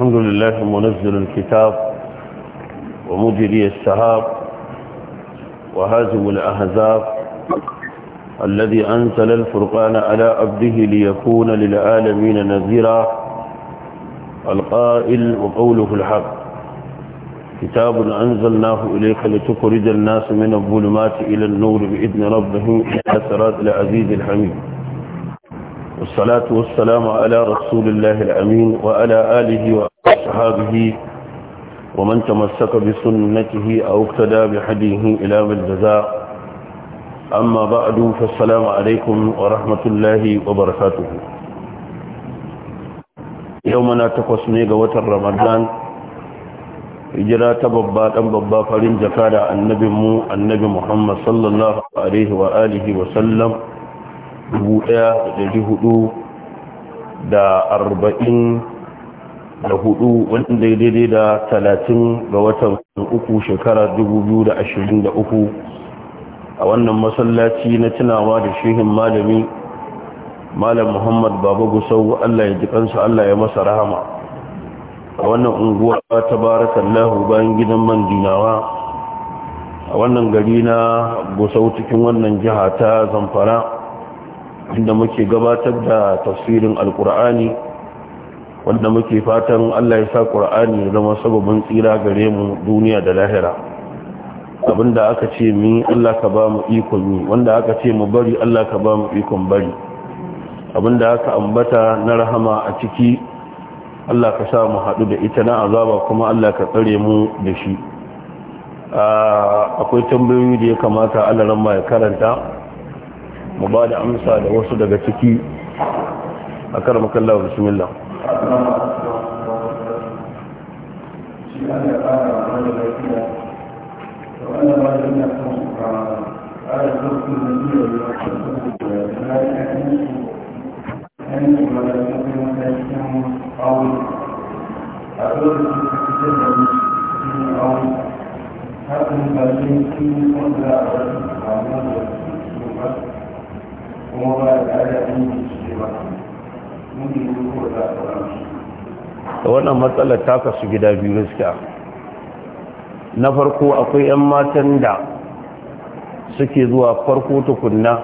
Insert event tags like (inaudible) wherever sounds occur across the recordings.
الحمد لله منزل الكتاب ومجري السهاب وهازم الأهزاب الذي أنزل الفرقان على عبده ليكون للعالمين نذيرا القائل وقوله الحق كتاب أنزلناه إليك لتخرج الناس من الظلمات إلى النور بإذن ربهم إلى سراد العزيز الحميد والصلاة والسلام على رسول الله الأمين وعلى آله وأصحابه ومن تمسك بسنته أو اقتدى بحديه إلى بالجزاء أما بعد فالسلام عليكم ورحمة الله وبركاته يومنا تقسمي قوة رمضان hijira ta babba dan babba farin jaka da annabinmu annabi Muhammad sallallahu alaihi wa alihi wa sallam 1444 wanda ya daidai da 30 ga watan uku shekarar 2023 a wannan masallaci na tunawa da shehin malami malam muhammad baba gusau allah ya ji kansa allah ya masa rahama a wannan unguwa ta barakallahu bayan gidan man dinawa a wannan gari na gusau cikin wannan jiha ta zamfara inda muke gabatar da tafsirin alkur'ani wanda muke fatan Allah ya sa ƙur'ani ya zama sababin tsira gare mu duniya da lahira abinda aka ce mi Allah ka ba mu ikon yi wanda aka ce mu bari Allah ka ba mu ikon bari abinda aka ambata na rahama a ciki Allah ka sa mu hadu da ita na azaba kuma Allah ka tsare mu da shi ah, akwai tambayoyi da ya kamata Allah ran ya karanta mu ba da amsa da wasu daga ciki a karmakan lauru similla أعوذ بالله من الشيطان من الشيطان الرجيم أعوذ بالله من الشيطان الرجيم أعوذ بالله من الشيطان الرجيم أعوذ بالله من الشيطان الرجيم أعوذ بالله من الشيطان الرجيم أعوذ بالله من الشيطان الرجيم أعوذ بالله من الشيطان الرجيم أعوذ بالله من الشيطان الرجيم أعوذ بالله من الشيطان الرجيم أعوذ بالله من الشيطان الرجيم أعوذ بالله من الشيطان الرجيم أعوذ بالله من الشيطان الرجيم أعوذ بالله من الشيطان الرجيم kuma ba da ba ko da da wannan matsalar ta kasu gida biyu gaskiya na farko akwai 'yan matan da suke zuwa farko tukunna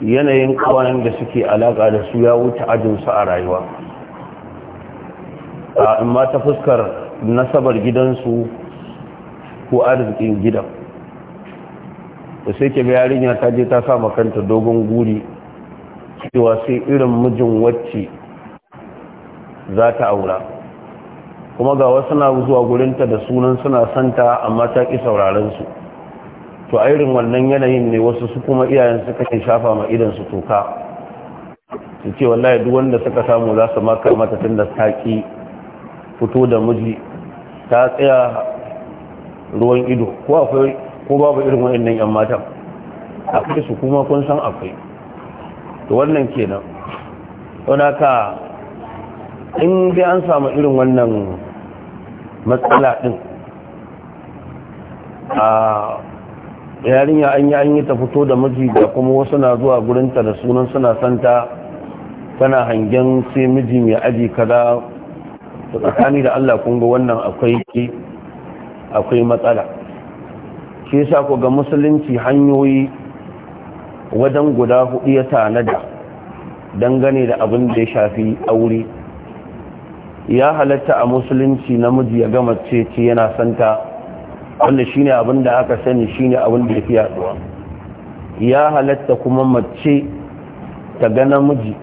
yanayin kawayen da suke alaƙa da su ya wuce ajinsu a rayuwa a ta fuskar nasabar gidansu ko arzikin gidan da sai ke yarinya ta je ta sa kanta dogon guri cewa sai irin mijin wacce za ta aura kuma ga wasu na zuwa gurinta da sunan suna santa amma ta ƙi su to a irin wannan yanayin ne wasu su kuma iyayen suka kan shafa ma idan su toka su ce wallahi duk wanda suka samu za su maka mata tunda ta ƙi fito da miji ta tsaya ruwan ido ko akwai ko babu irin waɗannan 'yan matan akwai su kuma kun san akwai to wannan kenan don haka in dai an samu irin wannan matsala din a yarinya an yi an ta fito da miji da kuma wasu na zuwa gurinta da sunan suna santa tana hangen sai miji mai aji kaza to tsakani da Allah kun ga wannan akwai akwai matsala ke sa ku ga musulunci hanyoyi wajen guda hudu ya tanada dangane da abin da ya shafi aure ya halatta a musulunci namiji ya gama ce ce yana santa wanda shine abin da aka sani shine abin da ya fi yaduwa ya halatta kuma mace ta ga namiji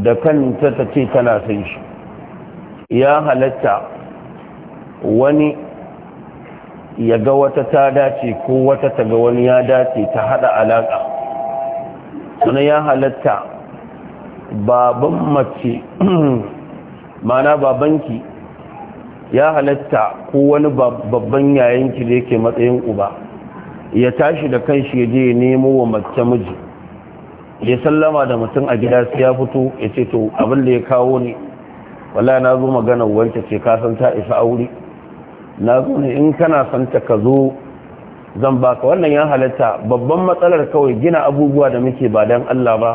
da kanta ta ce tana san shi ya halatta wani ya ga wata ta dace ko wata ta ga wani ya dace ta hada alaka sannan ya halatta baban mace (clears throat) mana babanki ya halatta ko wani babban yayanki da yake matsayin uba ya tashi da kanshi ya je nemo wa mace miji ya sallama da mutum a gida sai ya fito ya ce to abin da ya kawo ne wala na zo magana wancan ce kasan ta isa aure na zo ne in kana son ta ka zo zan baka wannan ya halatta babban matsalar kawai gina abubuwa da muke ba don Allah ba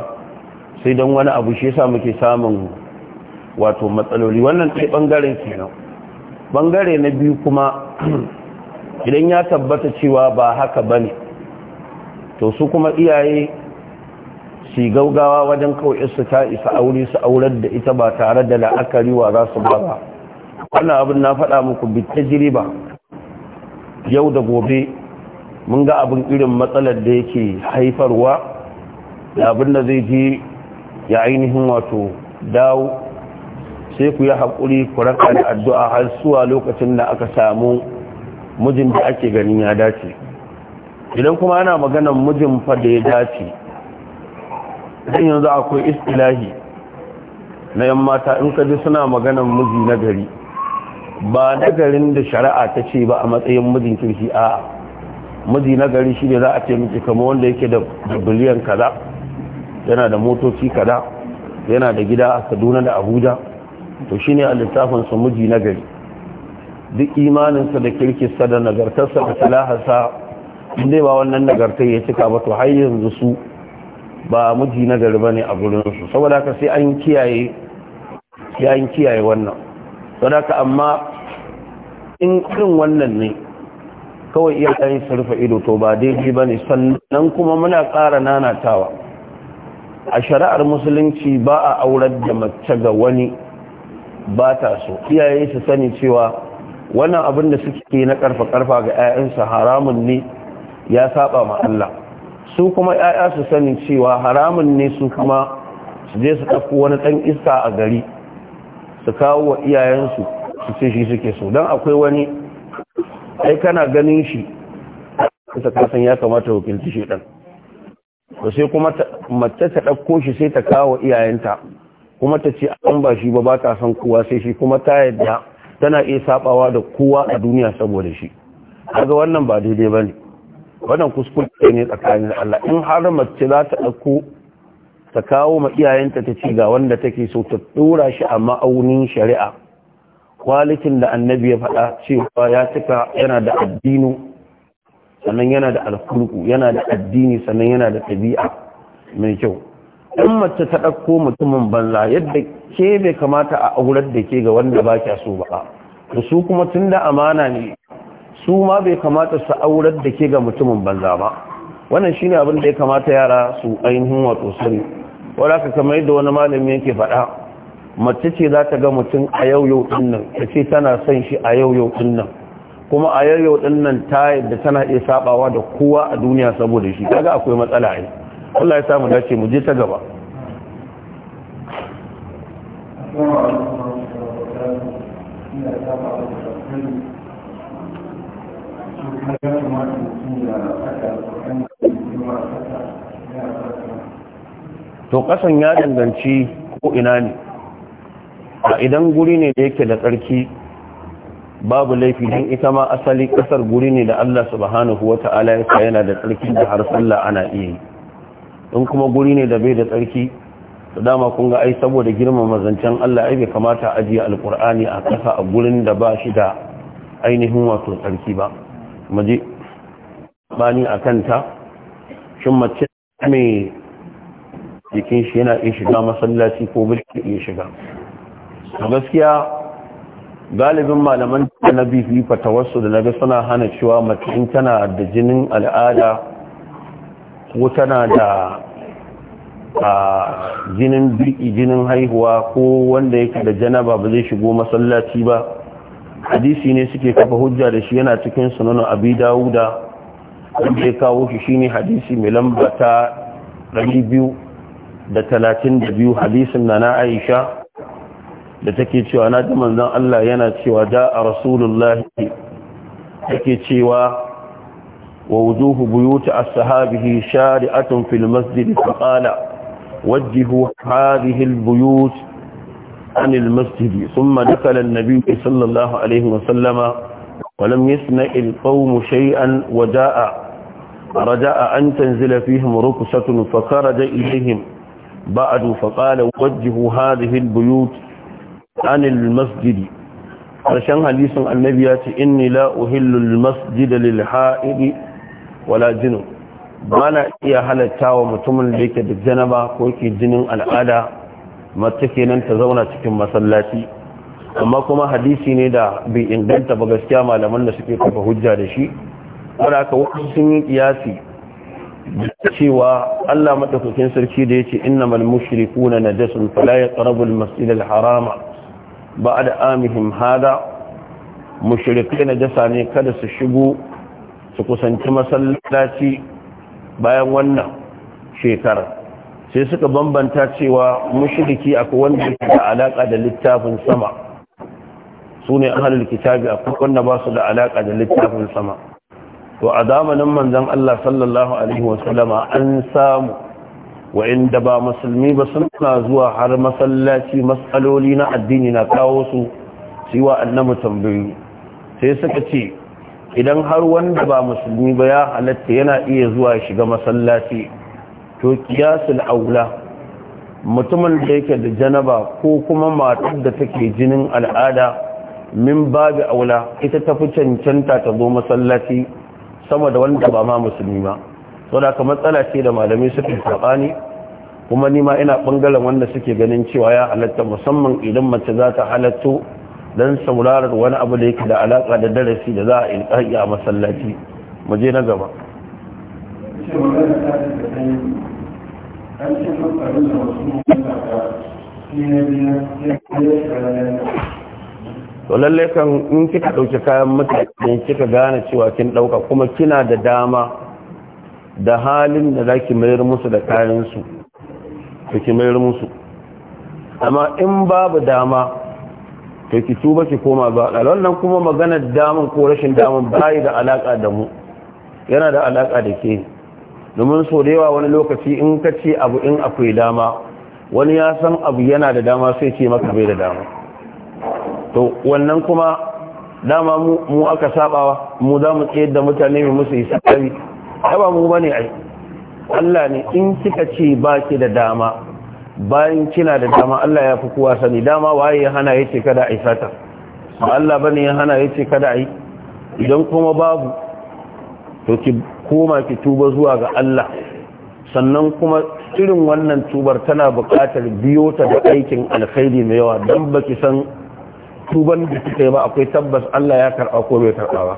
sai don wani abu shi yasa muke samun wato matsaloli wannan ɗai ke kenan ɓangare na biyu kuma (clears throat) idan ya tabbata cewa ba haka ba ne to su kuma iyaye su gaugawa wajen kawai su ta isa aure su aurar da ita ba tare da la'akari wa za su ba ba wannan abin na faɗa muku bitta jiriba yau da gobe mun ga abin irin matsalar da yake haifarwa da abin da zai je ya ainihin wato dawo sai ku yi haƙuri ku raka da addu'a har suwa lokacin da aka samu mijin da ake ganin ya dace idan kuma ana maganan mijin fa da ya dace zai yanzu akwai istilahi na yan mata in ka suna maganan miji na gari ba nagarin da shari'a ta ce ba a matsayin mijin kirki a miji nagari shi ne za a ce miki kama wanda yake da biliyan kaza yana da motoci kaza yana da gida a kaduna da abuja to shi ne a littafinsa miji nagari duk imaninsa da kirkisa da nagartarsa da salahasa inda ba wannan nagartar ya cika ba to har yanzu su ba miji nagari ba ne a gurinsu saboda ka sai an kiyaye wannan saboda ka amma in irin wannan ne kawai iya ɗayin sarfa ido to ba daidai ba ne sannan kuma muna ƙara nanatawa a shari'ar musulunci ba a aurar da mace ga wani ba ta so iyaye su sani cewa wannan abin da suke na ƙarfa ƙarfa ga 'ya'yansa haramun ne ya saba ma Allah su kuma 'ya'ya su sani cewa haramun ne su kuma su je su ɗauko wani ɗan iska a gari su kawo wa iyayensu sai shi suke so don akwai wani ai kana ganin shi kusa kasan ya kamata wakilci shi ɗan to sai kuma mace ta ɗauko shi sai ta kawo iyayenta kuma ta ce an ba shi ba ba ta san kowa sai shi kuma ta yadda tana iya sabawa da kowa a duniya saboda shi kaga wannan ba daidai ba ne wannan kuskure ne tsakanin Allah in har mace za ta ɗauko ta kawo ma iyayenta ta ce ga wanda take so ta ɗora shi a ma'aunin shari'a kwalitin da annabi ya faɗa cewa ya cika yana da addinu sannan yana da alfulku yana da addini sannan yana da ɗabi'a mai kyau Yan mace ta ɗauko mutumin banza yadda ke bai kamata a aurar da ke ga wanda ba kya so ba da su kuma tun da amana ne su ma bai kamata su aurar da ke ga mutumin banza ba wannan shine abin da ya kamata yara su ainihin wato sani wadda ka kamar yadda wani malami yake faɗa mace ce za ta ga mutum a yau yau din nan ta ce tana son shi a yau yau din nan kuma a yau yau din nan ta yadda tana iya sabawa da kowa a duniya saboda shi kaga akwai matsala ai Allah ya samu dace mu je ta gaba to kasan ya danganci ko ina ne a idan guri ne da yake da tsarki babu laifi don ita ma asali kasar guri ne da Allah subhanahu wa ta'ala ya yana da tsarki da har sallah ana iya yi don kuma guri ne da bai da tsarki da dama kun ga ai saboda girmama zancen Allah ai bai kamata ajiye alkur'ani a kasa a gurin da ba shi da ainihin wato tsarki ba maje bani a kanta shin mace mai jikin shi yana iya shiga masallaci ko bilki iya shiga A gaskiya galibin malaman na bifi fatawarsu da na ga suna hana cewa mace tana da jinin al'ada ko tana da a jinin birki jinin haihuwa ko wanda yake da janaba ba zai shigo masallaci ba hadisi ne suke kafa hujja da shi yana cikin sunanu abi dawuda wanda ya kawo shi shine hadisi mai lamba ta biyu hadisin na na aisha da take cewa na ji manzon Allah yana cewa da a rasulullah take cewa wa buyutu a ashabihi shari'atun fil masjid faqala wajjihu hadhihi al buyut an al masjid thumma dakala an nabiy sallallahu alayhi wa sallama wa lam yasna al qawm shay'an wa da'a rajaa an tanzila fihim rukusatun fa kharaja ilayhim ba'du faqala wajjihu hadhihi al anil masjidi ƙarshen hadisin annabi ya ce inni la uhillu lil masjida lil ha'idi wala jinu ba na iya halatta wa mutumin da yake da janaba ko yake jinin al'ada mace kenan ta zauna cikin masallaci amma kuma hadisi ne da bai inganta ba gaskiya malaman da suke kafa hujja da shi wanda aka wasu sun yi kiyasi cewa Allah madaukakin sarki da yace innamal mushrikuna najasun fala yaqrabu al-masjid harama ba da amihim hada mushrikai na jasa ne kada su shigo su kusanci masallaci bayan wannan shekarar sai suka bambanta cewa mushriki akwai wanda yake da alaƙa da littafin sama su ne ahalul kitabi a wanda ba su da alaka da littafin sama to a zamanin manzon Allah sallallahu alaihi wasallama an samu waɗanda ba musulmi ba suna zuwa har masallaci matsaloli na addini na kawo su siwa annabi tambayi sai suka ce idan har wanda ba musulmi ba ya halatta yana iya zuwa shiga masallaci to kiyasul aula mutumin da yake da janaba ko kuma matar da take jinin al'ada min babu aula ita tafi cancanta ta zo masallaci sama da wanda ba ma musulmi ba to da matsala ce da malamai suke sabani kuma nima ina bangaren wanda suke ganin cewa ya halatta musamman idan mace za ta halatto dan saurarar wani abu da yake da alaƙa da darasi da za a ilkahi a masallaci mu je na gaba to lalle kan in kika ɗauki kayan mutane kika gane cewa kin dauka kuma kina da dama da halin da za ki mayar musu da kayansu da ki mayar musu amma in babu dama to ki tuba ki koma ba wannan kuma maganar daman ko rashin daman bayi da alaka da mu yana da alaka da ke domin so da yawa wani lokaci in ka ce abu in akwai dama wani ya san abu yana da dama sai ce maka bai da dama to wannan kuma dama mu aka sabawa mu za mu tsaye da mutane mai musu hisabi ba mu bane ai Allah ne in kika ce baki da dama bayan kina da dama Allah ya fi kowa sani dama waye ya hana yace kada ai sata ba Allah bane ya hana yace kada ai idan kuma babu to ki koma ki tuba zuwa ga Allah sannan kuma irin wannan tubar tana buƙatar biyo ta da aikin alkhairi mai yawa dan baki san tuban da kika ba akwai tabbas Allah ya karɓa ko bai karɓa ba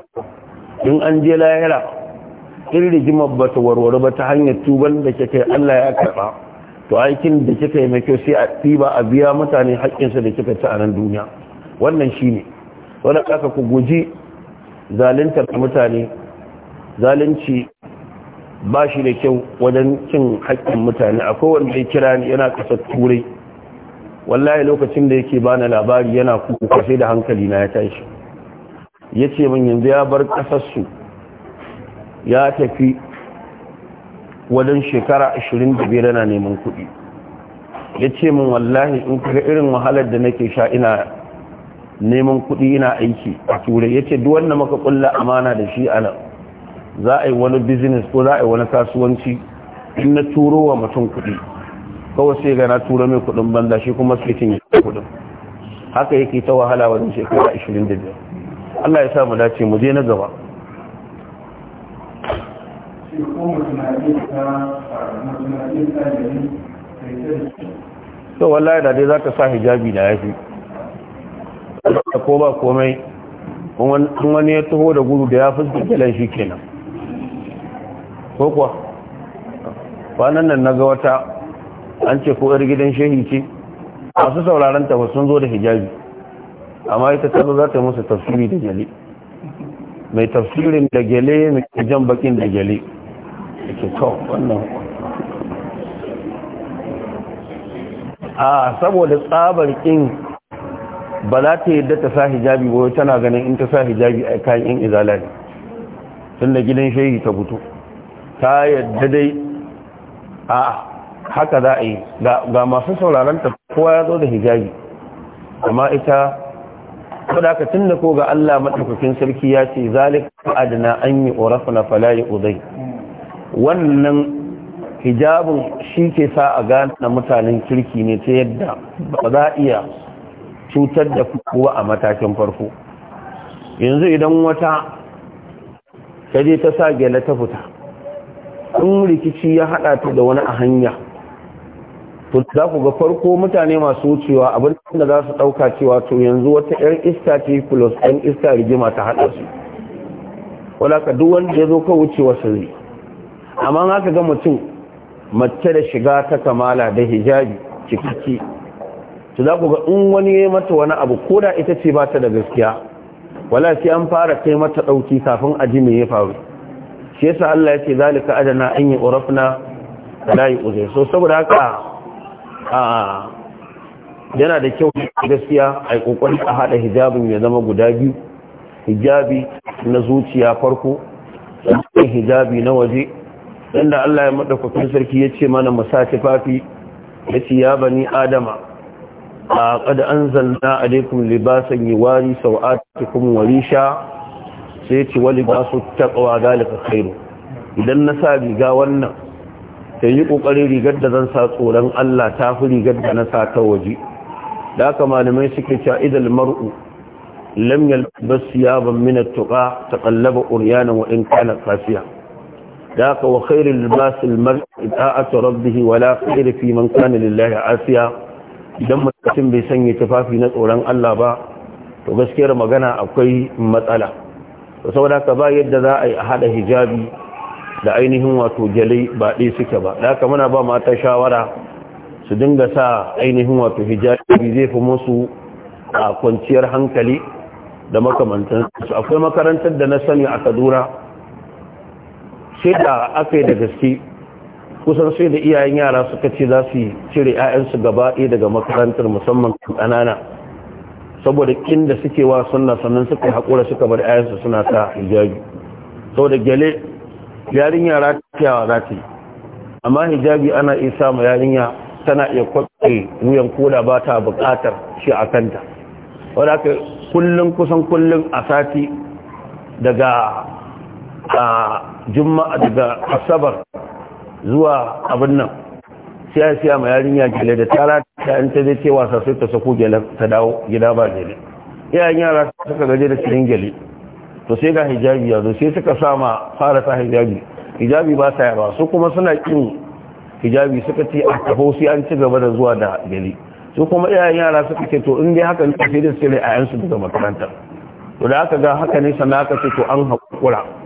in an je lahira in rigimar ba ta warware ba ta hanyar tuban da kika yi Allah ya karɓa to aikin da kika yi mai kyau sai a tiba a biya mutane haƙƙinsa da kika ci a nan duniya wannan shi ne wani ƙasa ku guji zaluntar mutane zalunci ba shi da kyau wajen cin haƙƙin mutane a wanda ya kira ni yana ƙasar turai wallahi lokacin da yake ba bani labari yana kuka sai da hankali na ya tashi ya ce min yanzu ya bar ƙasarsu ya tafi wajen shekara 25 yana neman kuɗi ya ce min wallahi in kuka irin wahalar da nake sha ina neman kuɗi ina aiki a turai ya ce duwanda maka kulla amana da shi a nan za a yi wani business ko za a yi wani kasuwanci in na turo wa mutum kuɗi kawai sai gana turo mai kuɗin banza shi kuma sai yi kuɗin haka yake ta wahala wajen shekara 25 Allah ya sa mu dace mu je na gaba shi ko mutum na iya ta na iya ta gari wallahi da dai za ka sa hijabi da da ko ba komai kun wani ya taho da gudu da ya fuska kyalan shi kenan ko kuwa kwanan nan na ga wata an ce ko 'yar gidan shehi ce masu sauraron ta sun zo da hijabi amma ita tazo za ta musu tafsiri da gyale mai tafsirin da gyale mai jan bakin da gyale ke wannan a saboda tsabar kin ba za ta yadda ta sa hijabi ba tana ganin in ta sa hijabi a kayan in izala ne tun da gidan shehi ta buto ta yadda dai a haka za a yi ga masu sauraranta kowa ya zo da hijabi amma ita saboda tun da ko ga Allah madaukakin sarki ya ce zalika adana an yi urafna fala udai wannan hijabin shi ke sa a gane mutanen kirki ne ta yadda ba za a iya cutar da kuwa a matakin farko yanzu idan wata ta je ta sa gyale ta fita in rikici ya hada ta da wani a hanya to za ku ga farko mutane masu wucewa abin da za su dauka cewa to yanzu wata yar iska ce plus yan iska rigima ta hada su wadaka duk wanda ya zo ka wucewa sirri amma haka ga mutum mace da shiga ta kamala da hijabi cikiki to za ku ga in wani ya mata wani abu ko da ita ce ba ta da gaskiya wala sai an fara kai mata dauki kafin a ji me ya faru shi yasa Allah ya ce zalika adana an yi urafna la yuzi so saboda haka a yana da kyau gaskiya ai kokari a hada hijabin ya zama guda biyu hijabi na zuciya farko sai hijabi na waje inda Allah ya madaukakin sarki ya ce mana musati fafi ya ce ya bani adama a qad anzalna alaykum libasan wari yuwari sawatikum wa sha. sai wali ba su takawa galika kairu idan na sa riga wannan sai yi kokarin rigar da zan sa tsoron Allah ta fi rigar da na sa ta waje da haka malamai suke cewa idal mar'u lamyar basu siyaban min at-tuqa taqallaba uryana wa in ذاك وخير اللباس المرء إطاعة ربه ولا خير في من كان لله عافية idan mutum bai sanya tufafi na tsoron Allah ba to gaskiyar magana akwai matsala to saboda ka ba yadda za a yi hada hijabi da ainihin wato jalai ba ɗaya suke ba da haka muna ba mata shawara su dinga sa ainihin wato hijabi zai fi musu a kwanciyar hankali da makamantansu akwai makarantar da na sani a kaduna sai da aka yi da gaske kusan sai da iyayen yara suka ce za su cire 'ya'yansu gaba ɗaya daga makarantar musamman ƙanana saboda kin da suke wa sunna sannan suka haƙura suka bar 'ya'yansu suna sa hijabi saboda gyale yarin yara kyawa za ta amma hijabi ana iya samu yarinya tana iya kwaɓe wuyan koda ba ta buƙatar shi a kanta wadda aka kullum kusan kullum a sati daga a juma'a daga asabar zuwa abin nan siya siya ma yarinya gele da tara ta in ta zai ce wasa sai ta sako gele ta dawo gida ba gele iyayen yara suka gaje da cikin gele to sai ga hijabi ya zo sai suka ma fara sa hijabi hijabi ba sa yarwa su kuma suna kin hijabi suka ce a tafo sai an ci gaba da zuwa da gele su kuma iyayen yara suka ce to in dai haka ne sai da su a yansu daga makarantar to da aka ga haka ne sannan aka ce to an haƙura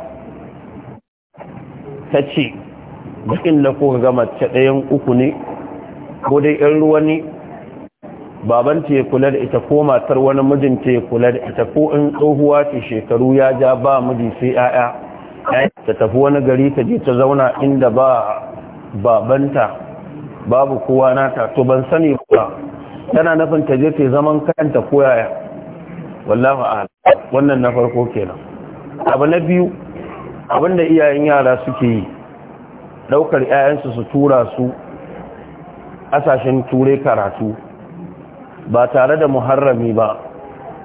ta ce duk inda kuka gama ta ɗayan uku ne ko dai ‘yan ruwa ne baban ta ya kula da ita ko matar wani mijin ta ya kula da ita ko in tsohuwa ce shekaru ya ja ba miji sai ‘ya'ya ta tafi wani gari ta je ta zauna inda ba babanta babu kowa nata to ban sani ba tana nufin ta je ta zaman kanta yaya wallahu a'lam wannan na farko kenan abu na biyu abinda iyayen yara suke yi daukar 'ya'yansu su tura su asashen turai karatu ba tare da muharrami ba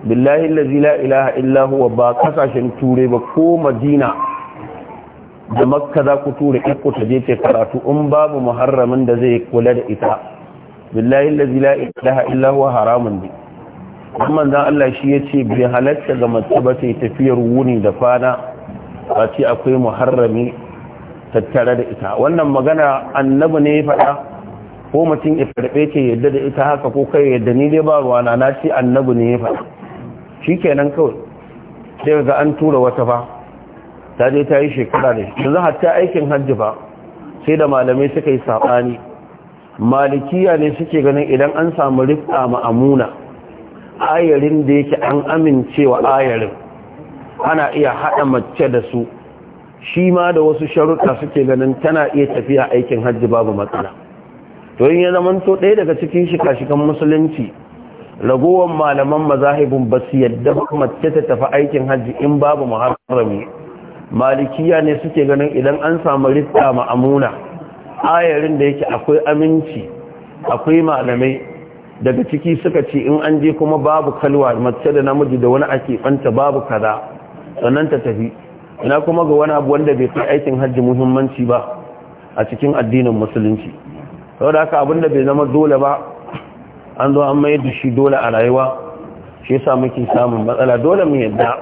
billahi lazi la ilaha illahu ba kasashen turai ba ko madina da makka za ku tura iko ta je ta karatu in babu muharramin da zai kula da ita billahi lazi la ilaha illahu haramun ne amma dan Allah shi ya ce bi halatta ga mace ba sai tafiyar wuni da fana ba ce akwai muharrami tattare da ita wannan magana annabi ne ya faɗa ko mutum ya farbe ce yadda da ita haka ko kai yadda ni dai ba ruwana na ce annabi ne ya faɗa shi kenan kawai sai ga an tura wata ba ta je ta yi shekara da shi yanzu hatta aikin hajji ba sai da malamai suka yi saɓani malikiya ne suke ganin idan an samu rifta ma'amuna ayarin da yake an amincewa ayarin ana iya haɗa mace da su shi ma da wasu sharuɗa suke ganin tana iya tafiya aikin hajji babu matsala to yin ya zamanto ɗaya daga cikin shika-shikan musulunci ragowar malaman mazahibin ba su yadda mace ta tafi aikin hajji in babu muharrami malikiya ne suke ganin idan an samu rita ma'amuna ayarin da yake akwai aminci akwai malamai daga ciki suka ce in an je kuma babu kalwa mace da namiji da wani ake banta babu kaza sannan ta tafi ina kuma ga wani abu wanda bai kai aikin hajji muhimmanci ba a cikin addinin musulunci sau da haka abinda bai zama dole ba an zo an mayar da shi dole a rayuwa shi yasa muke samun matsala dole mu yadda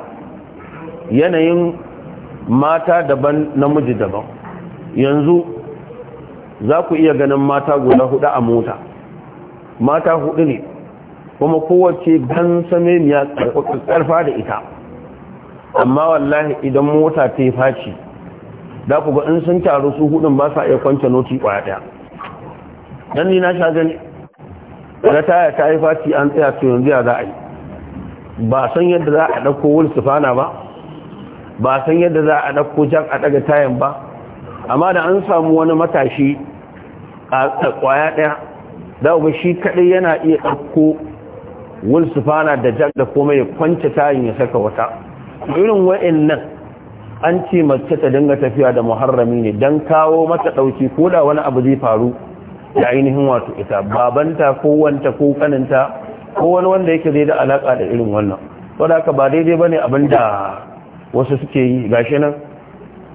yanayin mata daban namiji daban yanzu za ku iya ganin mata guda hudu a mota mata hudu ne kuma kowace gan same miya karfa da ita amma wallahi idan mota ta yi faci da ku ga in sun taru su hudun ba sa iya kwanta noti kwaya daya dan ni na sha gani da taya ta yi faci an tsaya to yanzu ya za a yi ba san yadda za a dauko wul sufana ba ba san yadda za a dauko jak a ɗaga tayan ba amma da an samu wani matashi a kwaya daya da ku shi kaɗai yana iya ɗauko wul sufana da jak da komai ya kwanta tayin ya saka wata irin nan an ce mace ta dinga tafiya da muharrami ne don kawo mata ɗauki ko da wani abu zai faru da ainihin wato ita babanta ko wanta ko kaninta ko wani wanda yake zai da alaƙa da irin wannan wadda aka ba daidai ba ne abin da wasu suke yi gashi nan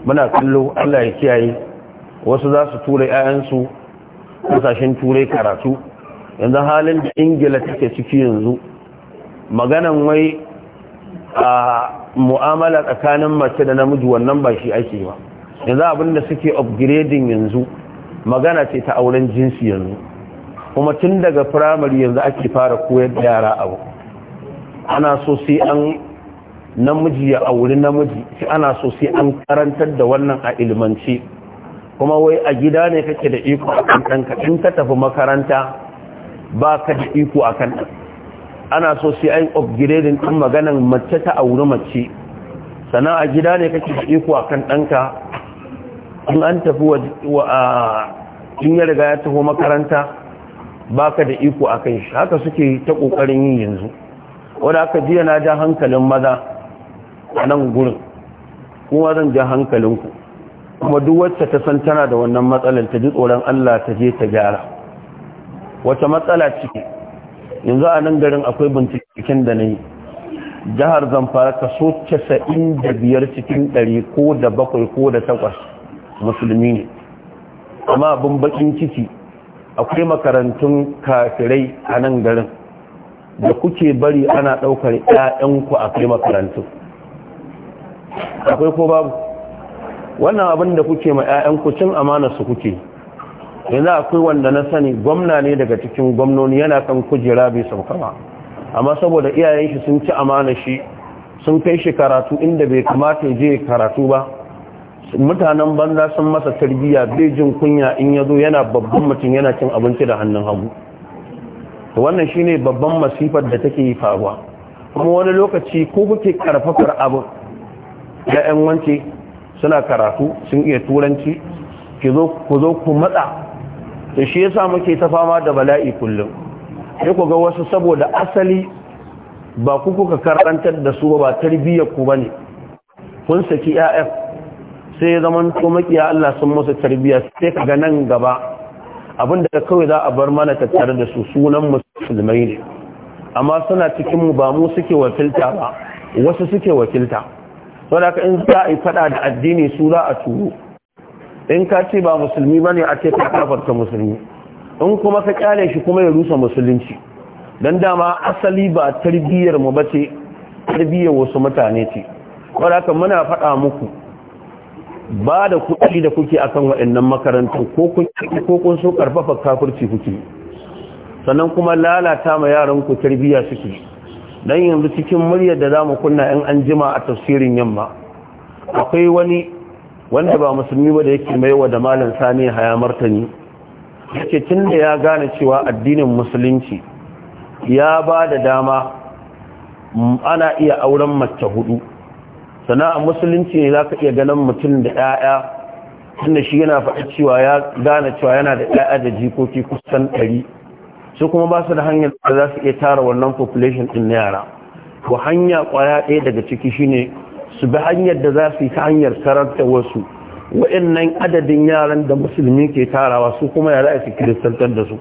muna kallo allah ya kiyaye wasu za su tura 'ya'yansu kasashen turai karatu yanzu halin da ingila take ciki yanzu maganan wai a mu'amala tsakanin mace da namiji wannan ba shi ake ba yanzu abinda suke upgrading yanzu magana ce ta auren jinsi yanzu kuma tun daga firamare yanzu ake fara koyar da yara abu ana so sai an namiji ya auri namiji shi ana so sai an karantar da wannan a ilimance kuma wai a gida ne kake da iko a kan ɗanka in ka tafi makaranta ba ka da iko a kan ɗanka ana so sai an upgrading ɗin maganan mace ta auri mace sannan a gida ne kake iko a kan danka in an tafi wa in ya riga ya taho makaranta baka da iko a kan shi haka suke ta kokarin yin yanzu wanda aka jiya na ja hankalin maza a nan gurin kuma zan hankalin ku kuma duk wacce ta san tana da wannan matsalar ta ji tsoron Allah ta je ta gyara wata matsala ciki yanzu a nan garin akwai binciken da na yi jihar zamfara kaso casa'in da biyar cikin dari ko da bakwai ko da takwas musulmi ne amma abin bakin ciki akwai makarantun kafirai a nan garin da kuke bari ana ɗaukar 'ya'yanku a kai makarantun akwai ko babu wannan abin da kuke ma 'ya'yanku cin amana su kuke yanzu akwai wanda na sani gwamna ne daga cikin gwamnoni yana kan kujera bai sauka ba amma saboda iyayen shi sun ci amana shi sun kai shi karatu inda bai kamata ya je karatu ba mutanen banza sun masa tarbiyya bai jin kunya in ya zo yana babban mutum yana cin abinci da hannun hagu to wannan shine babban masifar da take yi faruwa kuma wani lokaci ko kuke karfafar abu da yan wance suna karatu sun iya turanci ku zo ku matsa da shi yasa muke ta fama da bala'i kullum sai ku ga wasu saboda asali ba ku kuka karantar da su ba tarbiyyar ku bane kun saki ya'a sai zaman to makiya Allah sun musu tarbiyya sai kaga nan gaba abinda kawai za a bar mana tattare da su sunan musulmai ne amma suna cikin mu ba mu suke wakilta ba wasu suke wakilta saboda in za a yi fada da addini su za a turo in ka ce ba musulmi ba ne a ce ka kafarta musulmi in kuma ka kyale shi kuma ya rusa musulunci don dama asali ba tarbiyyar mu ba ce tarbiyyar wasu mutane ce wadda muna faɗa muku ba da kuɗi da kuke a akan waɗannan makarantar ko kun so ƙarfafa kafurci kuke sannan kuma lalata ma yaran ku tarbiyya suke don yanzu cikin muryar da za mu kunna in an jima a tafsirin yamma akwai wani wanda ba musulmi ba da yake wa da malam sani haya martani yake tun da ya gane cewa addinin musulunci ya ba da dama mm, ana iya auren mace hudu sana'a musulunci ne za ka iya ganin mutum da 'ya'ya tunda shi yana faɗa cewa ya gane cewa yana da 'ya'ya da jikoki kusan ɗari su kuma ba su da hanyar da za su iya tara wannan population ɗin na yara ko hanya ƙwaya ɗaya daga ciki shine su bi hanyar da za su yi ta hanyar sararta wasu wa'annan adadin yaran da musulmi ke tarawa su kuma ya za su kiristantar da su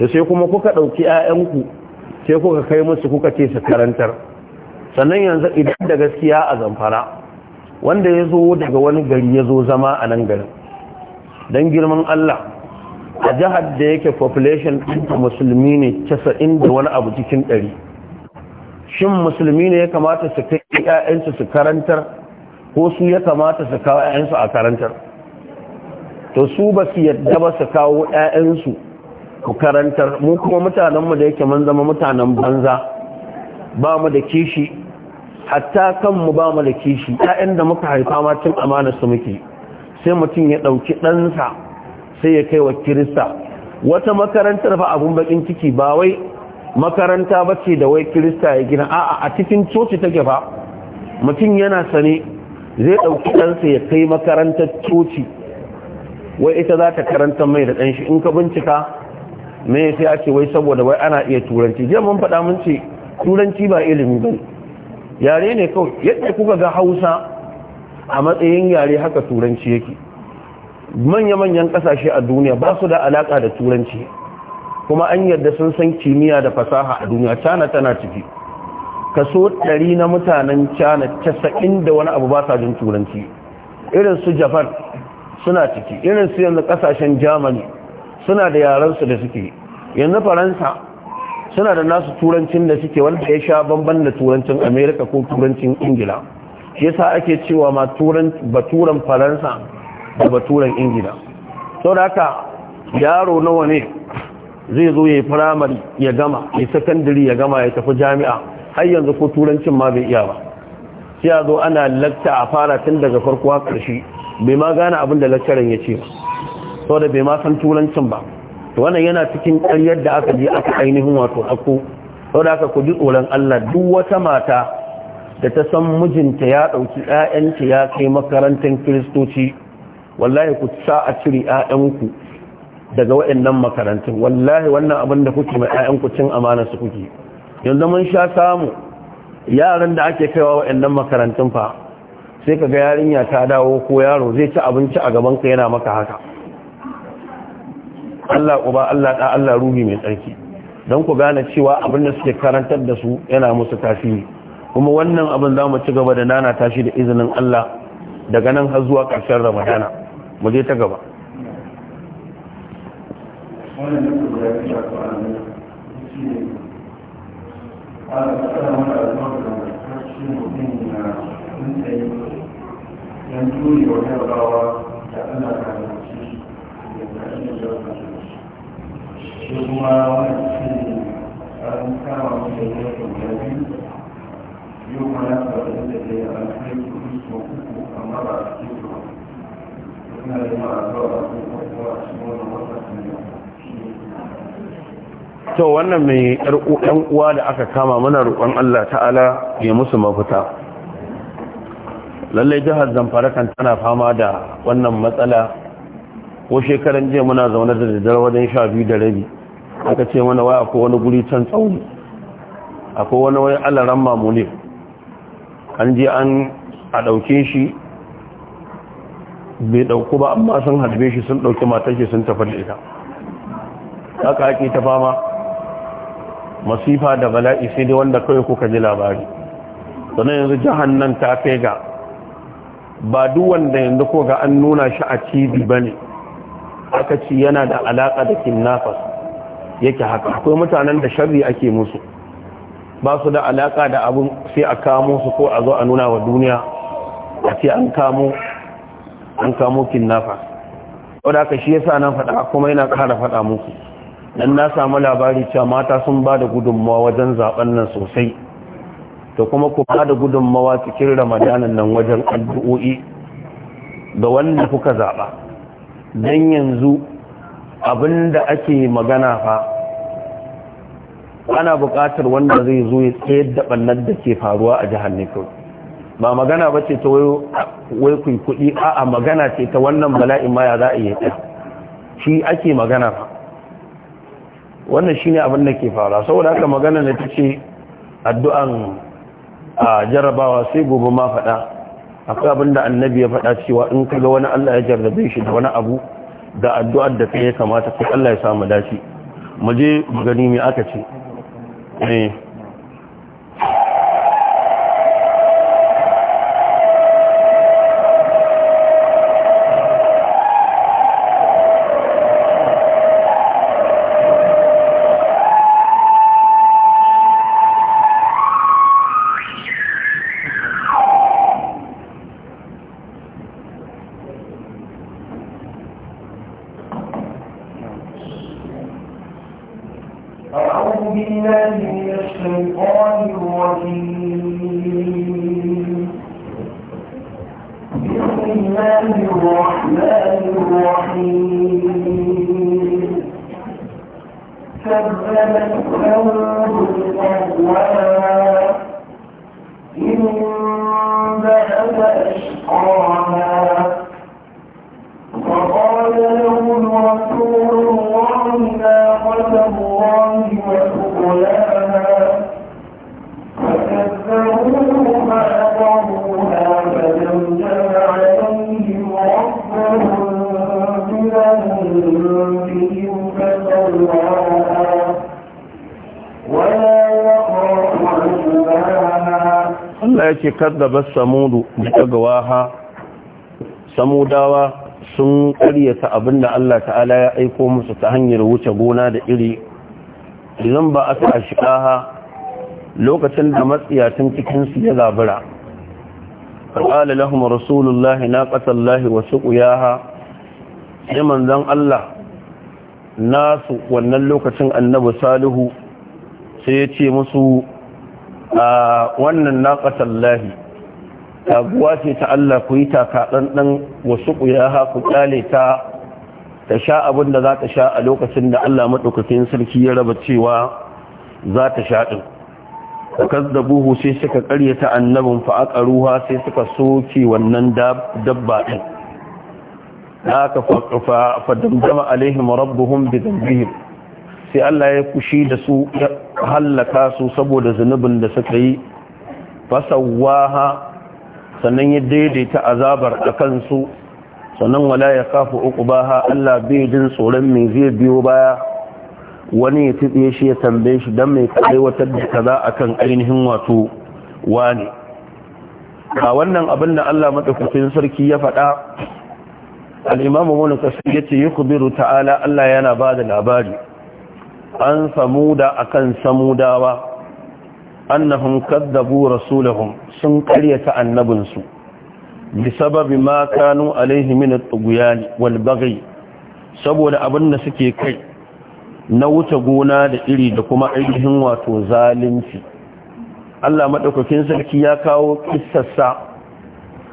da sai kuma kuka ɗauki 'ya'yanku sai kuka kai musu kuka ce su karantar sannan yanzu idan da gaskiya a zamfara wanda ya zo daga wani gari ya zo zama a nan garin don girman Allah a jihar da yake population musulmi ne casa'in da wani abu cikin ɗari shin musulmi ne ya kamata su kai ƴaƴansu su karantar ko su ya kamata su kawo ƴaƴansu a karantar to su ba su yadda ba su kawo ƴaƴansu ku karantar mu kuma mutanenmu da yake mun zama mutanen banza ba mu da kishi hatta kanmu ba mu da kishi ƴaƴan da muka haifa ma cin amana su muke sai mutum ya ɗauki ɗansa sai ya kai wa kirista wata makarantar ba abin bakin ciki ba wai makaranta ba ce da wai kirista ya gina a'a a cikin coci take fa mutum yana sane zai ɗauki ɗansa ya kai makarantar coci wai ita za ta karanta mai da ɗanshi in ka bincika me sai ake wai saboda wai ana iya turanci jiya mun faɗa mun ce turanci ba ilimi ba yare ne kawai yadda kuka ga hausa a matsayin yare haka turanci yake manya-manyan ƙasashe a duniya ba su da alaƙa da turanci kuma an yadda sun san kimiyya da fasaha a duniya cana tana ciki kaso 100 na mutanen cana casa'in da wani abu ba sa jin turanci irin su japan suna ciki irin su yanzu kasashen germany suna da yaransu da suke yanzu faransa suna da nasu turancin da suke wanda ya sha banban da turancin america ko turancin ingila yasa ake cewa ma turan baturan faransa da baturan ingila sau haka yaro nawa ne zai zo ya yi firamare ya gama ya sakandare ya gama ya tafi jami'a har yanzu ko turancin ma bai iya ba sai a zo ana lakta a fara tun daga farko a ƙarshe bai ma gane abin da lakcarin ya ce sau da bai ma san turancin ba wannan yana cikin ƙaryar da aka je aka ainihin wato akko sau da aka ku ji tsoron allah duk wata mata da ta san mijinta ya ɗauki ‘ya'yanta ya kai makarantar kiristoci wallahi ku sa a cire ‘ya'yanku daga waɗannan makarantun wallahi wannan abin da kuke mai ku cin amana su kuke yanzu mun sha samu yaran da ake kaiwa waɗannan makarantun fa sai ga yarinya ta dawo ko yaro zai ci abinci a gaban ka yana maka haka Allah uba Allah da Allah ruhi mai tsarki don ku gane cewa abin da suke karantar da su yana musu tasiri kuma wannan abin za mu ci gaba da nana tashi da izinin Allah daga nan har zuwa ƙarshen Ramadana mu je ta gaba wannan da kuma ya fi shafa a nan shi ne a tsara wani alfawar da karshen mutum na mutane yan turi wa yarbawa da ana karanci da karshen da shi kuma wani shi ne an kama mutum ya fi biyu yau ma ya faru da ke an kai kuɗi ko uku amma ba a cikin ba suna yi ma a zuwa a cikin wata to wannan mai 'yan uwa da aka kama mana roƙon Allah ta'ala ya musu mafita lallai jihar zamfara kan tana fama da wannan matsala ko shekaran jiya muna zaune da dare, wajen sha biyu da rabi aka ce mana wai akwai wani guri can tsauni akwai wani wani alaran ne. an je an a ɗauke shi bai ɗauku ba amma sun harbe shi sun ɗauki matashi sun tafi da ita haka ake ta fama masifa da bala'i sai dai wanda kawai kuka ji labari sannan yanzu jahannan ta kai ga ba duk wanda yanzu ko ga an nuna shi a TV ba ne aka ci yana da alaƙa da kinnafas yake haka akwai mutanen da sharri ake musu ba su da alaƙa da abun sai a kamo su ko a zo a nuna wa duniya a ce an kamo an kamo kinnafas wadda aka shi yasa nan faɗa kuma yana ƙara faɗa musu. dan na samu labari cewa mata sun ba da gudunmawa wajen zaben nan sosai da kuma kuma da gudunmawa cikin ramadanan nan wajen addu'o'i Da wanda kuka zaɓa don yanzu abin da ake magana fa ana buƙatar wanda zai zo ya tsayar da ɓannar da ke faruwa a jihar nikon ba magana ba ce ta wai kuɗi a'a magana ce ta wannan bala'in ma ya za a yi shi ake magana fa wannan shine abin da ke fara saboda haka magana da take addu'an a jarrabawa sai gobe ma faɗa akwai abin da annabi ya faɗa cewa in ka ga wani Allah ya jarrabe shi da wani abu da addu'ar da kai ya kamata kai Allah ya samu dace mu je gani me aka ce eh. بعد أشقاها Allah ya ce kadzabat samudu bitagawaha samudawa sun karyata abinda Allah ta'ala ya aiko musu ta hanyar wuce gona da iri idan ba aka ashikaha lokacin da matsiyatan cikin su ya zabura qala lahum rasulullahi naqatallahi wa suqiyaha sai manzon Allah nasu wannan lokacin annabi salihu sai ya ce musu a wannan naƙasar lahi taguwa ce ta Allah ku yi taka ɗanɗan wasu ƙuyaha ku ƙyale ta ta sha abin da za ta sha a lokacin da Allah maɗaukakin sarki ya raba cewa za ta sha ɗin da kazzabuhu sai suka ta annabin fa'aƙaruha sai suka soke wannan dabba ɗin haka fa damdama alaihim rabbuhum bi dhanbihim sai Allah ya kushi da su hallaka su saboda zunubin da suka yi fasawaha sannan ya daidaita azabar a kansu sannan wala ya kafa uku ba ha Allah bai jin tsoron mai zai biyo baya wani ya tuɓe shi ya tambaye shi don mai kaɗai wata da a kan ainihin wato wani a wannan abin da Allah maɗaukakin sarki ya faɗa al'imamu wani kasu ya ce yi kubiru ta'ala Allah yana ba da labari an samuda akan samudawa annahum kaddabu rasulahum sun karyata annabinsu bisababi ma kanu alaihi min at-tughyan wal baghi saboda abin da suke kai na wuce gona da iri da kuma ainihin wato zalunci Allah madaukakin sarki ya kawo kissarsa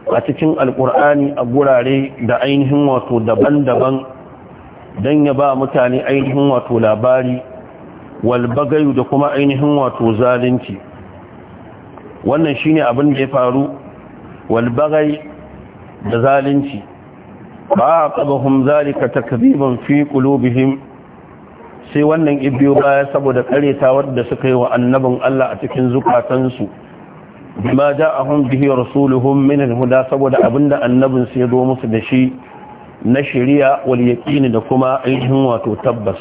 a cikin alkur'ani a gurare da ainihin wato daban-daban don ya ba mutane ainihin wato labari walbagayu da kuma ainihin wato zalunci wannan ne abin da ya faru walbagai da zalunci ba qabahum zalika takdiban fi qulubihim sai wannan ibiyo baya saboda kareta wadda suka yi wa annabin Allah a cikin zukatansu bima ja'ahum bihi rasuluhum min al-huda saboda abinda annabin sai ya zo musu da shi na shari'a wal yaƙini da kuma ainihin wato tabbas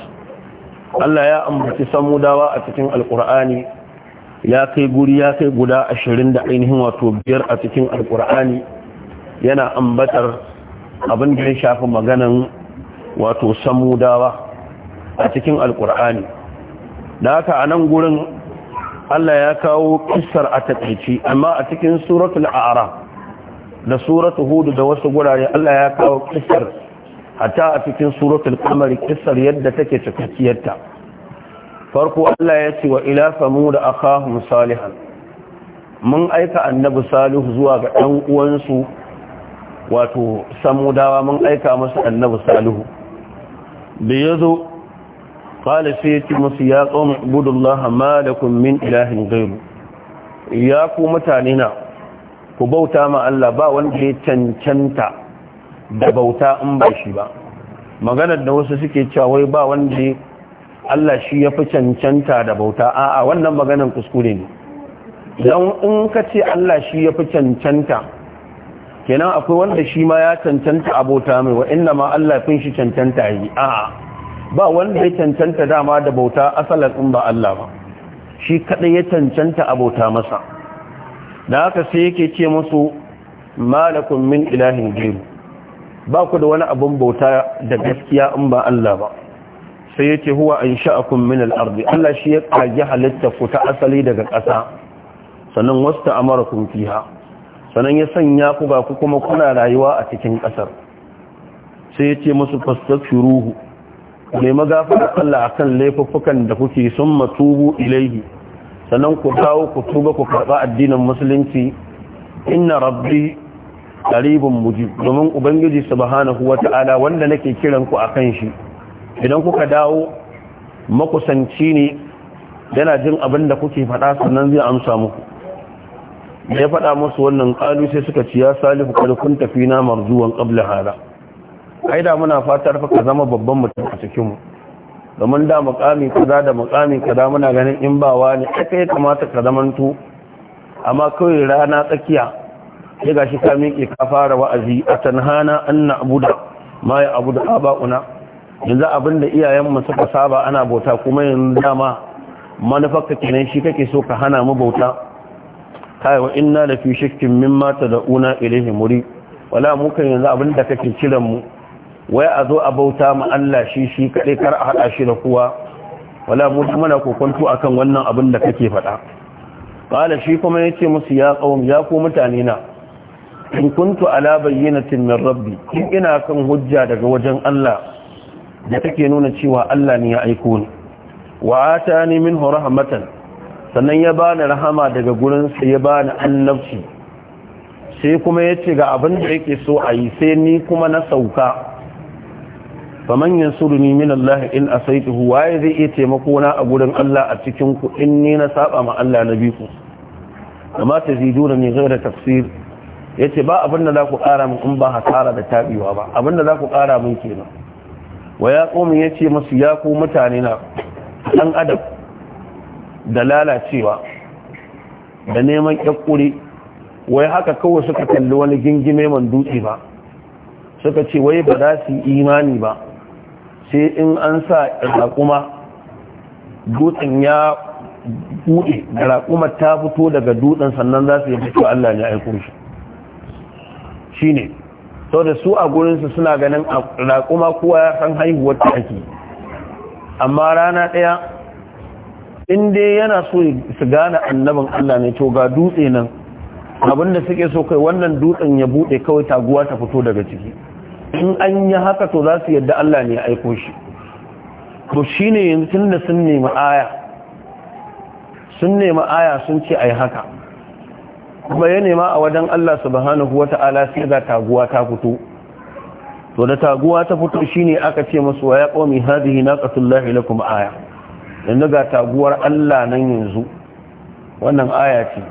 Allah ya ambaci samudawa a cikin alkur'ani ya kai guri ya kai guda ashirin da ainihin wato biyar a cikin alkur'ani yana ambatar abin da ya shafi maganan wato samudawa a cikin alkur'ani da haka a nan gurin Allah ya kawo kisar a taƙaici amma a cikin suratul a'ara da suratul hudu da wasu gurare Allah ya kawo kisar hatta a cikin suratul qamar kissar yadda take cikakkiyarta farko Allah ya ce wa ila samud akahum salihan mun aika annabi salih zuwa ga dan uwansu wato samudawa mun aika masa annabi salihu da yazo qala sayyidi musu ya qawm ibudullaha ma lakum min ilahin ghayru ya ku mutane na ku bauta ma Allah ba wanda ya cancanta da bauta in ba shi ba maganar da wasu suke cewa wai ba wanda Allah shi ya fi cancanta da bauta a'a wannan maganar kuskure ne don in ka ce Allah shi ya fi cancanta kenan akwai wanda shi ma ya cancanta abota mai wa inda ma Allah fin shi cancanta yi a'a ba wanda ya cancanta dama da bauta asalar in ba Allah ba shi kaɗai ya cancanta abota masa da haka sai yake ce musu malakun min ilahin jiru? ba ku da wani abin bauta da gaskiya in ba Allah ba sai yace huwa sha'akun min al-ardi Allah shi ya kage halitta ku ta asali daga ƙasa sannan wasta amarakum fiha sannan ya sanya ku ba ku kuma kuna rayuwa a cikin ƙasar sai yace musu fastaghfiruhu mai magafar Allah akan laifuffukan da kuke sun matubu ilaihi sannan ku dawo ku tuba ku karba addinin musulunci inna rabbi qaribun mujib domin ubangiji subhanahu wata'ala wanda nake kiran ku akan shi idan kuka dawo makusanci ne yana jin abin da kuke faɗa sannan zai amsa muku ya faɗa musu wannan ƙalu sai suka ci ya salihu ƙarfin tafi na marzuwan ƙabla hala? ai da muna fatar fa ka zama babban mutum a cikinmu domin da mukami kaza da mukami kaza muna ganin in ba wani aka ya kamata ka zamanto amma kawai rana tsakiya sai gashi ka miƙe ka fara wa'azi a tanhana Annabuda abuda ma ya aba'una yanzu abinda iyayenmu suka saba ana bauta kuma yanzu dama manufarka kenan shi kake so ka hana mu bauta kai wa inna la fi shakkin mimma tad'una ilayhi muri wala mu kan yanzu abinda kake kiran mu wai a zo a bauta ma Allah shi shi kadai kar a hada shi da kowa wala mu muna kokonto akan wannan abin da kake faɗa qala shi kuma yace musu ya qaum ya ku mutane na in kuntu ala bayyinatin min rabbi in ina kan hujja daga wajen Allah da take nuna cewa Allah ne ya aiko ni wa atani minhu rahmatan sannan ya bani rahama daga gurin sa ya bani annabci sai kuma yace ga abin da yake so a yi sai ni kuma na sauka faman yansuruni min Allah in asaituhu waye zai iya taimako na a gurin Allah a cikin ku in ni na saba ma Allah na bi ku amma taziduna ni ghayra tafsir ya ce ba abin da za ku ƙara min in ba hasara da taɓewa ba abin da za ku ƙara min kenan wa ya ƙomi ya ce masu ya ku mutane na ɗan adam da lalacewa da neman ƙyaƙƙuri wai haka kawai suka kalli wani gingime man dutse ba suka ce wai ba za su imani ba sai in an sa raƙuma dutsen ya buɗe da raƙumar ta fito daga dutsen sannan za su yi fito Allah ya aiko shi shine sau da su a gurinsu suna ganin raƙuma kuwa ya san haihuwar ta ake amma rana ɗaya inda yana so su gane annabin Allah ne to ga dutse nan abinda suke so kai wannan dutsen ya buɗe kawai taguwa ta fito daga ciki in an yi haka to za su yadda Allah ne ya aiko shi to shi ne yanzu tun da sun nemi aya sun nemi aya sun ce a haka kuma ya a wajen Allah subhanahu wa ta'ala sai ga taguwa ta fito to da taguwa ta fito shine aka ce musu ya qaumi hadhihi naqatullahi lakum aya yanzu ga taguwar Allah nan yanzu wannan aya ce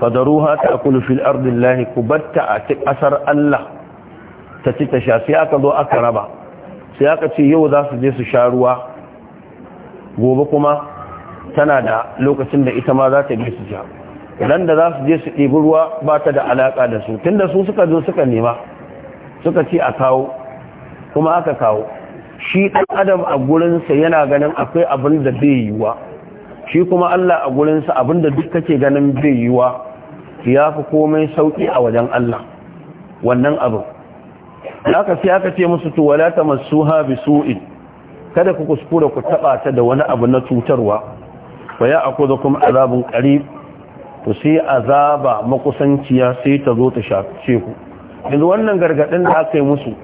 fadaruha ta'kulu fil ardi llahi kubatta a kasar Allah ta ci ta sha sai aka zo aka raba sai aka ce yau za su je su sha ruwa gobe kuma tana da lokacin da ita ma za ta je su sha randa da za su je su ɗibi ruwa ba ta da alaƙa da su tun da su suka zo suka nema suka ce a kawo kuma aka kawo shi ɗan adam a gurinsa yana ganin akwai abin da bai wa? shi kuma Allah a gurinsa abin da duk kake ganin bai wa? ya fi komai sauƙi a wajen Allah wannan abin aka sai aka ce musu to wala tamassuha su'i kada ku kuskura ku taɓa ta da wani abu na cutarwa ba ya azabin azabin to sai azaba makusanciya sai ta zo ta shafe ku yanzu wannan gargadin da aka yi musu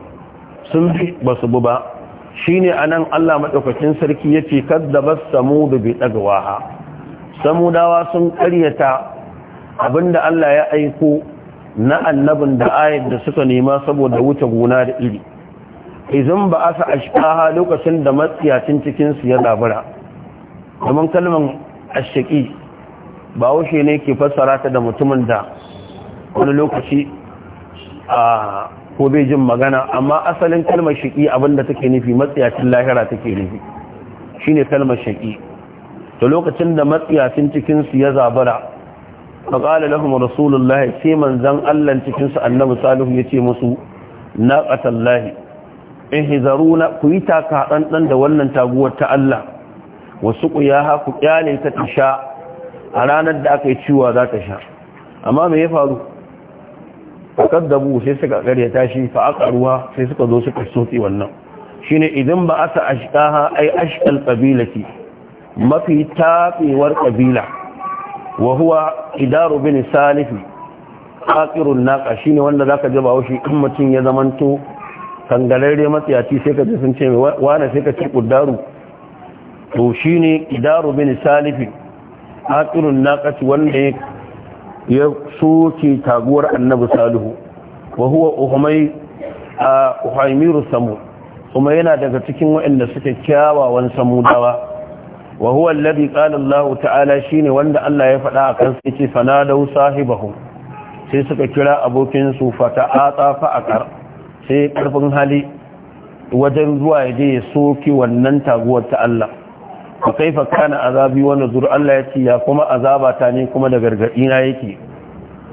sun bi ba su bu ba shine anan Allah madaukakin sarki yace kadzabat samud bi dagwaha samudawa sun karyata abinda Allah ya aiko na annabin da ayat da suka nema saboda wuce gona da iri izin ba asa ashqaha lokacin da matsiyacin cikin su ya labura kaman kalman ashqi ba wushe ne ke fassara ta da mutumin da wani lokaci a ko bai jin magana amma asalin kalmar shaƙi abinda take nufi matsiyacin lahira take nufi shine kalmar shaƙi da lokacin da matsiyacin cikinsu ya zabara faƙala lahum rasulullahi sai manzan Allah cikinsu annabi salihu ya ce musu naqatallahi ihzaruna ku yi taka dan da wannan taguwar ta Allah wasu ku ya ƙyale kyale ta tasha a ranar da aka yi ciwa za ta sha amma me ya faru a kaddabu sai suka karya tashi fa aka ruwa sai suka zo suka sotsi wannan ne idan ba asa ai ay ashqal ce mafi tafewar kabila wa huwa idaru bin salifi naƙa shi shine wanda zaka ka bawo shi in mutum ya zamanto kangararre matsayaci sai ka ji sun ce sai ka ci kudaru to ne idaru bin salifi atirun naƙaci wanda ya soke taguwar annabi salihu wa huwa uhmay a samu kuma yana daga cikin waɗanda suke kyawawan dawa wa huwa alladhi qala Allah ta'ala shine wanda Allah ya faɗa a kansa yace fanadau sahibahu sai suka kira abokin su fata'ata fa akar sai karfin hali wajen zuwa yaje ya soke wannan taguwar ta Allah fa kaifa kana azabi wa nuzur Allah ya ya kuma azaba ta ne kuma da gargadi na yake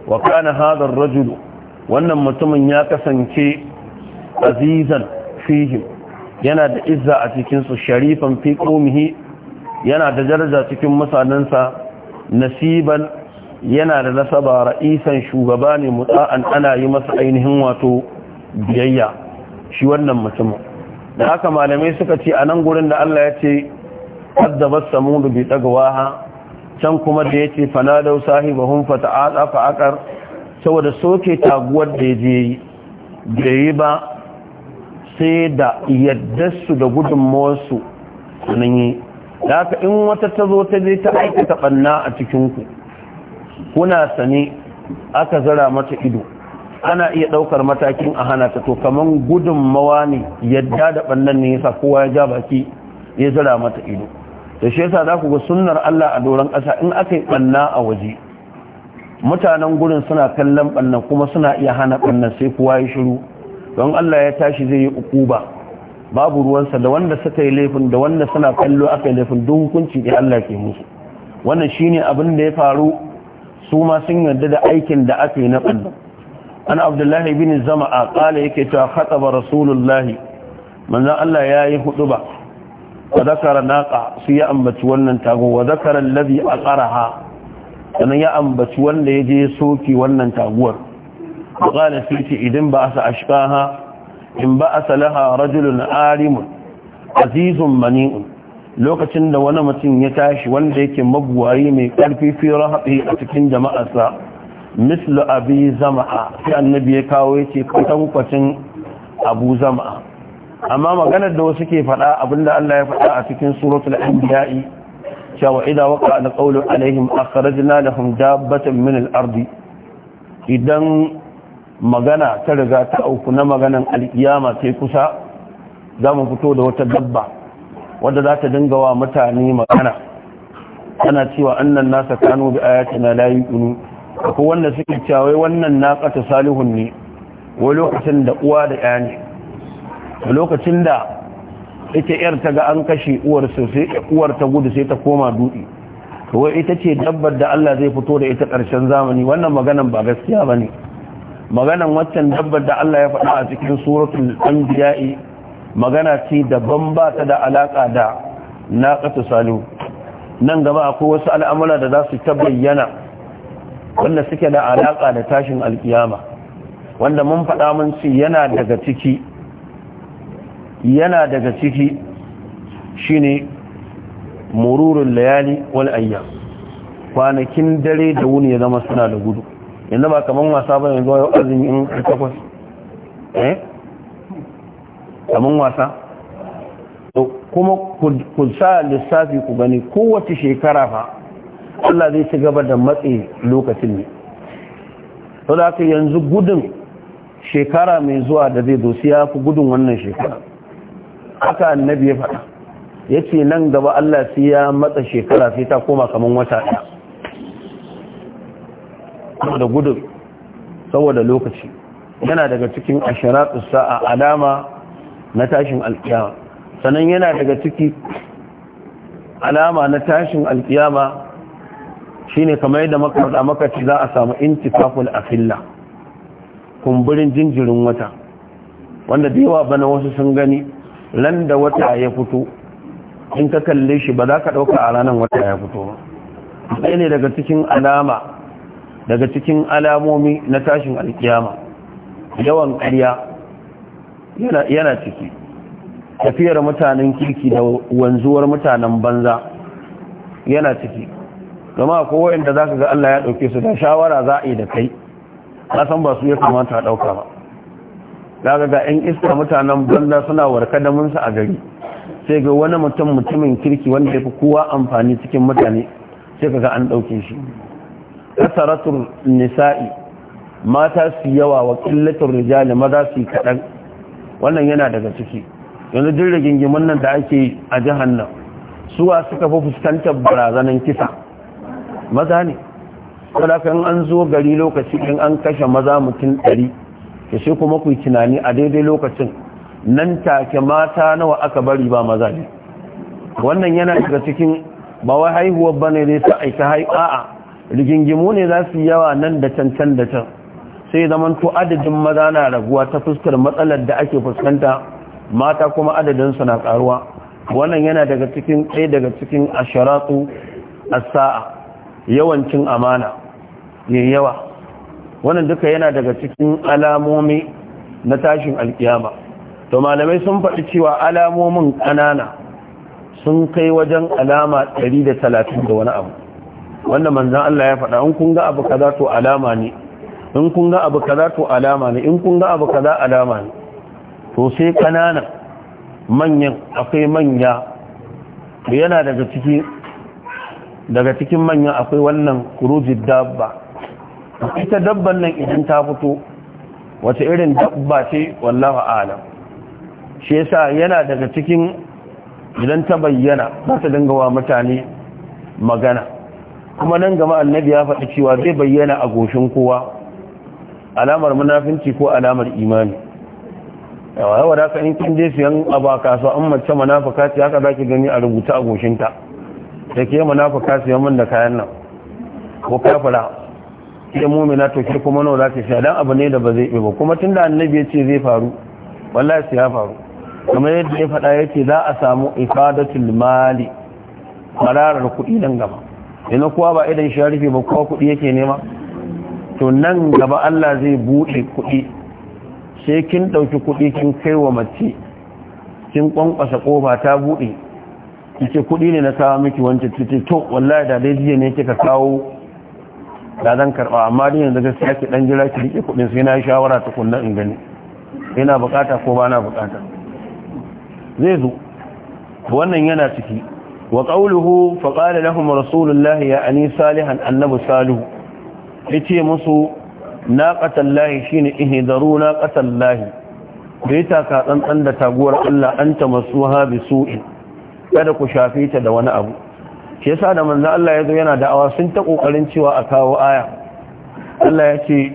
wa kana hadha ar-rajul wannan mutumin ya kasance azizan fihi yana da izza a cikin su sharifan fi yana da daraja cikin mutanansa nasiban yana da nasaba ra'isan shugaba ne mutsa'an ana yi masa ainihin wato biyayya shi wannan mutumin da haka malamai suka ce a nan gurin da Allah ya ce kadzabat samud bi tagwaha can kuma da yace fanadaw sahibahum fata'ala fa aqar saboda soke taguwar da yaje da yi ba sai da yaddarsu da gudunmawarsu nan yi da haka in wata ta zo ta je ta aikata ɓanna a cikinku kuna sane aka zara mata ido ana iya ɗaukar matakin a hana ta to kaman gudummawa ne yadda da ɓannan ne yasa kowa ya ja baki ya zara mata ido da shi yasa za ku ga sunnar Allah a doron ƙasa in aka yi ɓanna a waje mutanen gurin suna kallon ɓannan kuma suna iya hana ɓannan sai kuwa ya shiru don Allah ya tashi zai yi ukuba babu ruwansa da wanda suka yi laifin da wanda suna kallo aka yi laifin duk hukunci ya Allah ke musu wannan shine abin da ya faru su ma sun yarda da aikin da aka yi na ɓannan an abdullahi bin Zama a kala yake cewa ba rasulullahi manzon Allah ya yi hudu ba wa zakara su ya ambaci wannan tago wa zakara a ƙaraha sannan ya ambaci wanda ya je soki wannan taguwar qala sai ce idan ba asa ashqaha in ba asa laha rajulun arimun azizun mani'un lokacin da wani mutum ya tashi wanda yake mabuwayi mai karfi fi rahabi a cikin jama'arsa mislu abi zama'a sai annabi ya kawo ce kwatankwacin abu zama'a amma maganar da wasu ke faɗa abinda Allah ya faɗa a cikin suratul anbiya'i cewa idza waqa alqawlu alaihim akhrajna lahum dabbatan min al-ardi idan magana ta riga ta auku na maganan alkiyama sai kusa za mu fito da wata dabba wadda za ta dinga wa mutane magana ana cewa annan nasa kanu bi ayatina la yuqinu ko wanda suke cewa wannan naqata salihun ne wani lokacin da uwa da 'ya A lokacin da ita yar ta ga an kashe uwar ta gudu sai ta koma dudi to ita ce dabbar da Allah zai fito da ita ƙarshen zamani wannan maganan ba gaskiya ba ne. maganan waccan dabbar da Allah ya faɗa a cikin suratul anbiya'i magana ce daban ba ta da alaka da naqatu nan gaba akwai wasu al'amura da za su tabbayyana wanda suke da alaka da tashin alkiyama wanda mun faɗa mun ce yana daga ciki yana daga ciki shine mururul layali wal ayya kwanakin dare da wuni ya zama suna da gudu yanzu ba kaman wasa ba yanzu yau azumi in takwas eh kaman wasa kuma ku sa lissafi ku gani kowace shekara fa Allah zai ci gaba da matsi lokacin ne to da yanzu gudun shekara mai zuwa da zai dosi ya fi gudun wannan shekara haka annabi ya faɗa ya ce nan gaba Allah sai ya matsa shekara sai ta koma kamar wata ɗaya saboda gudun saboda lokaci yana daga cikin ashiratu sa'a alama na tashin alkiyama sannan yana daga ciki alama na tashin alkiyama shine kamar yadda makarata makaci za a samu intifaful afilla kumburin jinjirin wata wanda da yawa bana wasu sun gani Landa da wata ya fito in ka kalle shi ba za ka ɗauka a ranar wata ya fito ba ne daga cikin alama daga cikin alamomi na tashin alkiyama yawan ƙarya yana ciki tafiyar mutanen kirki da wanzuwar mutanen banza yana ciki zama ko da za ka ga Allah ya ɗauke su da shawara za a yi da kai na ba su ya kamata a ɗauka ba daga ga 'yan iska mutanen banda suna warka da munsa a gari sai ga wani mutum mutumin kirki wanda ya fi kowa amfani cikin mutane sai ga an ɗauke shi Ƙasaratun nisa'i mata su yawa wa ƙillatun rijali maza su yi kaɗan wannan yana daga ciki yanzu duk rigingimin nan da ake a jihar nan suwa suka fi fuskantar barazanan kisa maza ne saboda kan an zo gari lokaci in an kashe maza mutum ɗari ke shi kuma ku yi tunani a daidai lokacin nan take mata nawa aka bari ba maza ne wannan yana daga cikin ba wai haihuwar bane dai sai aika hai a'a rigingimu ne za su yawa nan da can can da can sai zaman to adadin maza na raguwa ta fuskar matsalar da ake fuskanta mata kuma adadin su na karuwa wannan yana daga cikin ɗaya daga cikin asharatu as-sa'a yawancin amana ya yawa wannan duka yana daga cikin alamomi na tashin alkiyama to malamai sun faɗi cewa alamomin ƙanana sun kai wajen alama 130 da wani abu wanda manzan Allah ya faɗa in kun ga abu kaza to alama ne in kun ga abu kaza to alama ne in kun ga abu kaza alama ne to sai ƙanana manyan akwai manya yana daga daga cikin manyan akwai wannan kurujin dabba ita dabban nan idan ta fito wata irin dabba ce wallafa alam shi yasa yana daga cikin idan ta bayyana za ta dinga wa mutane magana kuma nan gama annabi ya faɗi cewa zai bayyana a goshin kowa alamar munafinci ko alamar imani yawa yawa da ka in kin su yan abu a an mace munafuka ce haka za ki gani a rubuta a goshinta da ke munafuka su min da kayan nan ko kafira ke mumina to ke kuma nawa za ta dan abu ne da ba zai ba kuma tunda annabi ya ce zai faru wallahi sai ya faru kamar yadda ya faɗa yace za a samu ifadatul mali mararar kuɗi nan gaba ina kuwa ba idan shi rufe ba kowa kuɗi yake nema to nan gaba Allah zai buɗe kuɗi sai kin ɗauki kuɗi kin kai wa mace kin kwankwasa ƙofa ta buɗe kike kuɗi ne na kawo miki wancan titi to wallahi da dai jiya ne kika kawo da zan karba amma din yanzu gaskiya ki dan jira ki rike kuɗin sai na shawara ta kunna in gani ina buƙata ko ba na buƙata zai zo wannan yana ciki wa qawluhu fa qala lahum rasulullahi ya ani salihan annabi salihu yace musu naqatallahi shine ihdaru naqatallahi bai ka tsantsan da taguwar Allah anta masuha bisu'in kada ku shafe ta da wani abu shi yasa da manzo Allah ya zo yana da'awa sun ta kokarin cewa a kawo aya Allah ya ce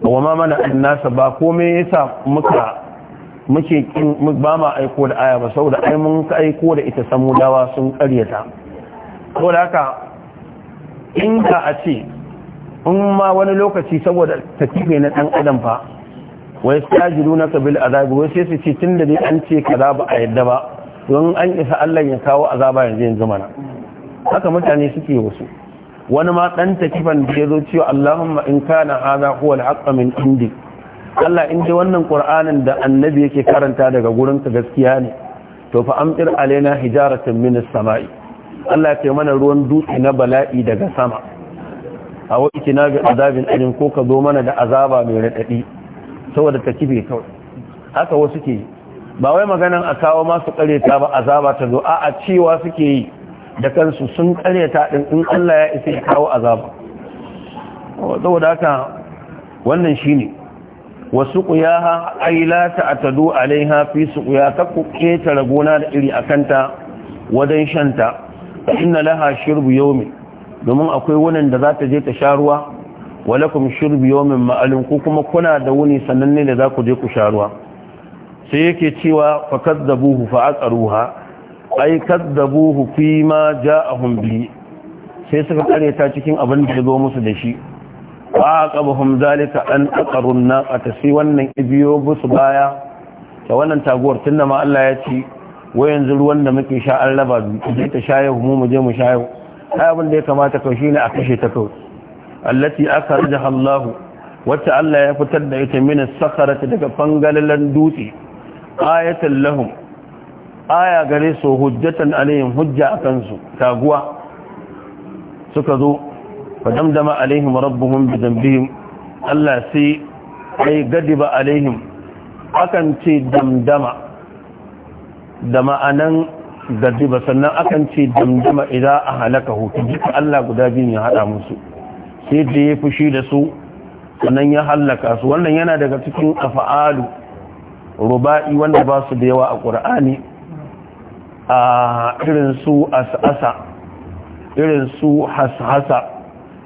wa ma mana annasa ba komai yasa muka muke ba ma aiko da aya ba saboda ai mun ka aiko da ita samu dawa sun karyata saboda haka ka a ce in ma wani lokaci saboda tafiye na dan adam fa wai sajidu na kabil azabi wai sai su ce tun da dai an ce kaza ba a yadda ba don an isa Allah ya kawo azaba yanzu yanzu mana haka mutane suke wasu wani ma dan takifan da yazo cewa Allahumma in kana hadha huwa al min indi Allah in dai wannan Qur'anin da annabi yake karanta daga gurin ka gaskiya ne to fa amtir alaina hijaratan min as-sama'i Allah ya mana ruwan dutse na bala'i daga sama a wa ikina ga azabin alim ko ka zo mana da azaba mai radadi saboda takibe kawai haka wasu ke ba wai maganan a kawo masu kare ba azaba ta zo a'a cewa suke yi da kansu sun karyata din in Allah ya isa ya kawo azaba saboda haka wannan shine wasu quyaha ay la ta'tadu alaiha fi suqiya ta ku ketara gona da iri akanta wadan shanta inna laha shurbu yawmi domin akwai wunin da za ta je ta sha ruwa walakum shurbu yawmin ma'alum ku kuma kuna da wuni sannan da za ku je ku sha ruwa sai yake cewa fakadzabuhu fa ai buhu fi ma ja'ahum bi sai suka kare ta cikin abin da ya zo musu da shi wa aqabahum zalika an aqarun naqata sai wannan ibiyo musu baya ta wannan taguwar tunda ma Allah ya ci wa yanzu ruwan da muke sha an raba zai ta shaye mu mu je mu shaye ai abin da ya kamata ka shine a kashe ta kawai allati akhrajaha Allah wacce Allah ya fitar da ita min as sakhara daga fangalalan dutse ayatan lahum aya gare su hujjatan alaihim hujja a kansu taguwa suka zo fadamdama alaihim rabbuhum bi dambihim Allah sai ai gadiba alaihim akan ce damdama da ma'anan gadiba sannan akan ce damdama idan a halaka hutu duka Allah guda biyun ya hada musu sai da ya fushi da su sannan ya halaka su wannan yana daga cikin afa'alu ruba'i wanda ba su da yawa a ƙur'ani a irin su asasa irin su hashasa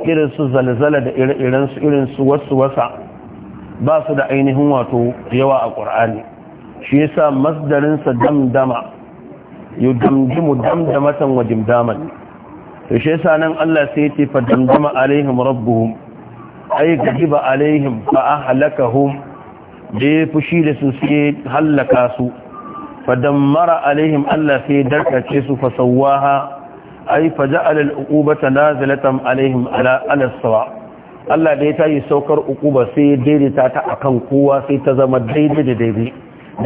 irin su zalzala da irin su irin su wasu wasa ba su da ainihin wato yawa a ƙur'ani shi yasa masdarinsa damdama yau damdimu damdamatan wa dimdaman to shi yasa nan Allah sai ya ce fa damdama alaihim rabbuhum ay gajiba alaihim fa ahlakahum da ya fushi da su sai halaka su fadammara alaihim Allah sai darkace su fasawaha ai faja'al al'uqubata nazilatan alaihim ala al-sawa Allah da ya tayi saukar uquba sai daidaita ta akan kowa sai ta zama daidai da daidai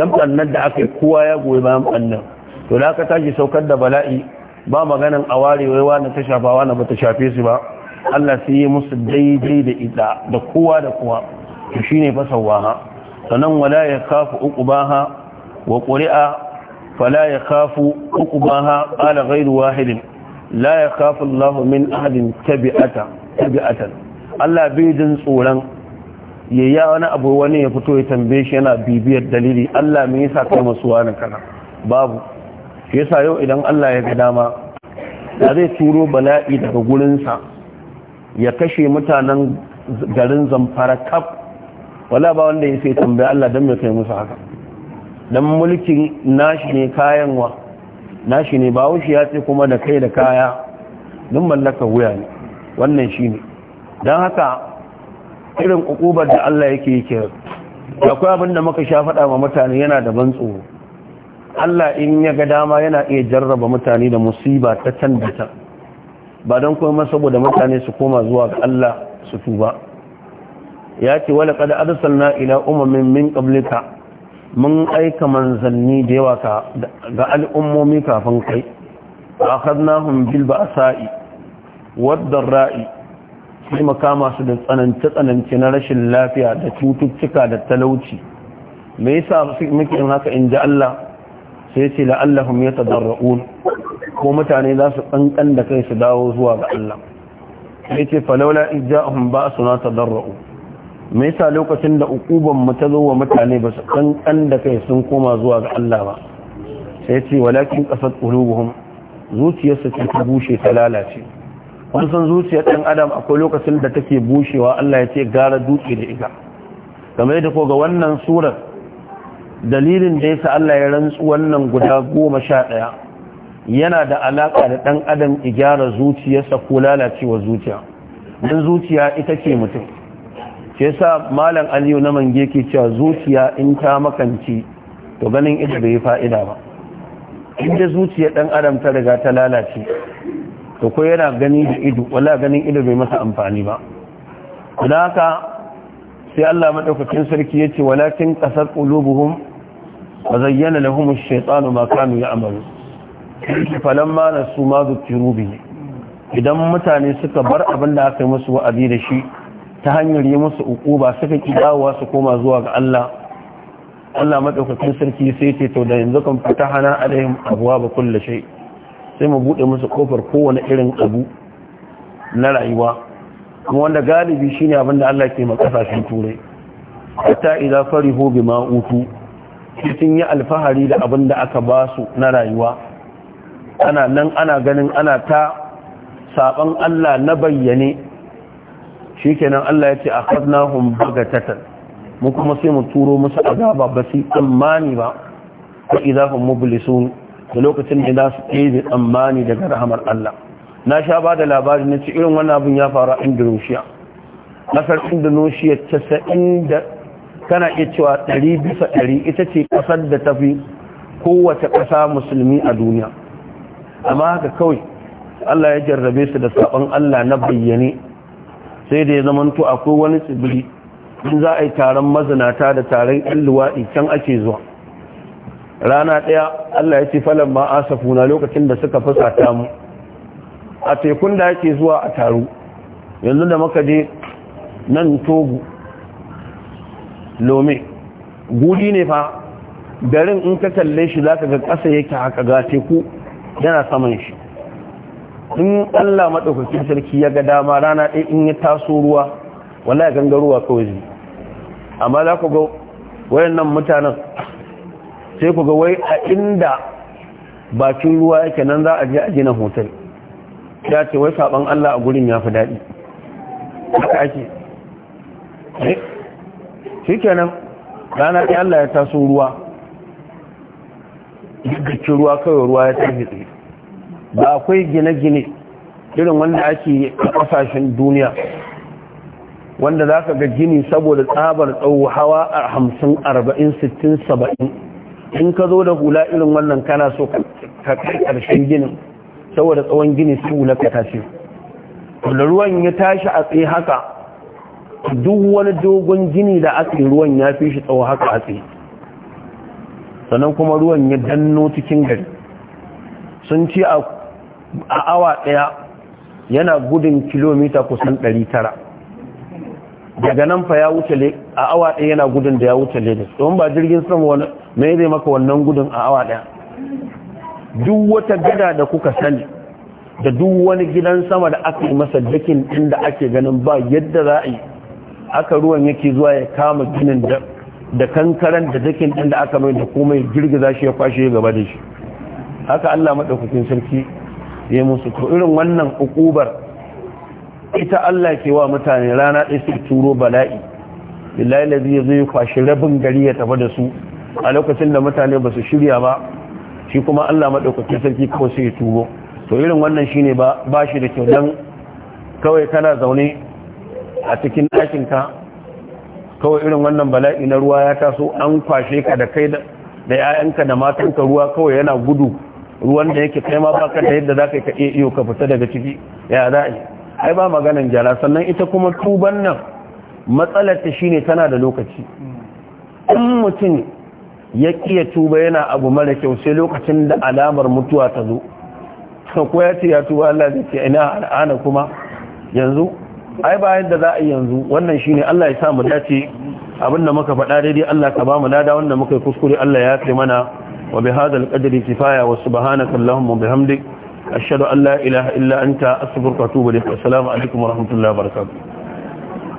dan bannan da aka kowa ya goyi bayan bannan to da aka tashi saukar da bala'i ba maganan a warewai wani ta shafa wani ba ta shafe su ba Allah sai yi musu daidai da ita da kowa da kowa to shine fasawaha Sannan wala ya kafu uqubaha وقرئ فلا يخاف عقباها قال غير واحد لا يخاف الله من أحد تبعة تبعة الله بيدن صورا yayya wani abu wani ya fito ya tambaye shi yana bibiyar dalili Allah me yasa kai masu wani kana babu shi yasa yau idan Allah ya ga dama da zai turo bala'i daga gurinsa ya kashe mutanen garin zamfara kaf wala ba wanda ya sai tambaya Allah don me kai musu haka dan mulkin nashi ne kayan wa nashi ne ba wushi ya ce kuma da kai da kaya don mallaka wuya ne wannan shi ne don haka irin ƙuƙubar da Allah yake yi kira akwai abin da muka sha faɗa wa mutane yana da ban tsoro Allah in ya ga dama yana iya jarraba mutane da musiba ta can da ta ba don kuma saboda mutane su koma zuwa ga Allah su tuba ya ce wala kada arsalna ila umamin min qablika mun aika manzanni da yawa ga al'ummomi kafin kai bilba a sa'i waddan ra'i sai makama su da tsananci tsananci na rashin lafiya da cututtuka da talauci me yasa muke yin haka inji Allah sai ce la'allahum yatadarrun ko mutane za su kankan da kai su dawo zuwa ga Allah sai ce falawla ijja'ahum ba'suna tadarrun me yasa lokacin da uquban mu ta zo wa mutane ba su kankan da kai sun koma zuwa ga Allah ba sai ya ce walakin qasat qulubuhum zuciyarsu ce ta bushe ta lalace Kuma san zuciyar dan adam akwai lokacin da take bushewa Allah ya ce gara dutse da ita kamar yadda ko ga wannan surar dalilin da yasa Allah ya rantsu wannan guda goma sha ɗaya yana da alaka da dan adam igyara zuciyarsa ko lalacewa zuciya dan zuciya ita ce mutum ke sa malam aliyu na mange ke cewa zuciya in ta makanci to ganin ita bai fa'ida ba inda zuciya dan adam ta riga ta lalace to ko yana gani da ido wala ganin ido bai masa amfani ba da haka sai Allah madaukakin sarki yace walakin qasat qulubuhum wa zayyana lahum ash-shaytanu ma kanu ya'malu falamma nasu ma dhukiru bihi idan mutane suka bar abin da aka yi musu wa'azi da shi ta hanyar yi musu ba suka ki dawowa su koma zuwa ga Allah Allah madaukakin sarki sai ce to da yanzu kan hana alaihim ba kulli shay sai mu bude musu kofar kowane irin abu na rayuwa kuma wanda galibi shine abin da Allah ke makasashen turai hatta idza farihu bima utu sun yi alfahari da abin da aka ba su na rayuwa ana nan ana ganin ana ta saban Allah na bayyane kenan Allah ya ce a akhadnahum bagatatan mu kuma sai mu turo musu azaba ba su tsammani ba fa idahum da lokacin da za su ɗebe tsammani daga rahamar Allah na sha ba da labari na ce irin wannan abin ya faru a Indonesia kasar Indonesia da kana iya cewa ɗari bisa ɗari ita ce ƙasar da ta fi kowace ƙasa musulmi a duniya amma haka kawai Allah ya jarrabe su da saɓon Allah na bayyane sai da ya zamanto akwai wani tsibiri in za a yi taron mazinata da taron yan luwaɗi can ake zuwa rana ɗaya Allah ya ce falon ma na lokacin da suka fusata mu a tekun da yake zuwa a taro yanzu da muka je nan togu lome gudi ne fa garin in ka kalle shi za ka ga ƙasa yake haka ga teku yana saman shi in Allah madaukakin sarki ya ga dama rana ɗin in ya taso ruwa wallahi ruwa kawai zai amma za ku ga wayannan mutanen sai ku ga wai a inda bakin ruwa yake nan za a je a gina hotel ya ce wai saban Allah a gurin ya fi daɗi haka ake eh, shi kenan rana ɗaya Allah ya taso ruwa gaggace ruwa kawai ruwa ya tafi tsaye ba akwai gine-gine irin wanda ake a ƙasashen duniya wanda za ka ga gini saboda tsabar tsawo hawa a hamsin arba'in sittin saba'in in ka zo da hula irin wannan kana so ka kai ƙarshen ginin saboda tsawon gini su hula ka tashi wanda ruwan ya tashi a tsaye haka duk wani dogon gini da aka ruwan ya fi shi tsawo haka a tsaye sannan kuma ruwan ya danno cikin gari sun ce a a awa daya yana gudun kilomita kusan 900 daga nan fa ya wuce a awa ɗaya yana gudun da ya wuce le don ba jirgin sama wani mai zai maka wannan gudun a awa ɗaya duk wata gada da kuka sani da duk wani gidan sama da aka yi masa dakin inda ake ganin ba yadda za a yi aka ruwan yake zuwa ya kama ginin da da kankaran da dakin ɗin da aka mai da komai girgiza shi ya kwashe gaba da shi haka Allah madaukakin sarki ya musu to irin wannan ukubar ita Allah ke wa mutane rana ɗaya su turo bala'i lillahi lazi ya zo ya rabin gari ya tafi da su a lokacin da mutane ba su shirya ba shi kuma Allah maɗaukakin sarki kawai sai ya turo to irin wannan shine ba ba shi da kyau dan kawai kana zaune a cikin ɗakinka kawai irin wannan bala'i na ruwa ya taso an kwashe ka da kai da 'ya'yanka da matanka ruwa kawai yana gudu ruwan da yake kai ma baka da yadda zaka ka iyo ka fita daga ciki ya za ai ba maganan jara sannan ita kuma tuban nan matsalar ta shine tana da lokaci in mutum ya kiya tuba yana abu mara kyau sai lokacin da alamar mutuwa ta zo ko ya ce ya tuba Allah zai ce ina al'ana kuma yanzu ai ba yadda za a yanzu wannan shine Allah ya sa mu dace abinda muka faɗa daidai Allah ka ba mu lada wanda muka yi kuskure Allah ya kai mana وبهذا القدر كفاية وسبحانك اللهم وبحمدك أشهد أن لا إله إلا أنت أصبرك وأتوب إليك والسلام عليكم ورحمة الله وبركاته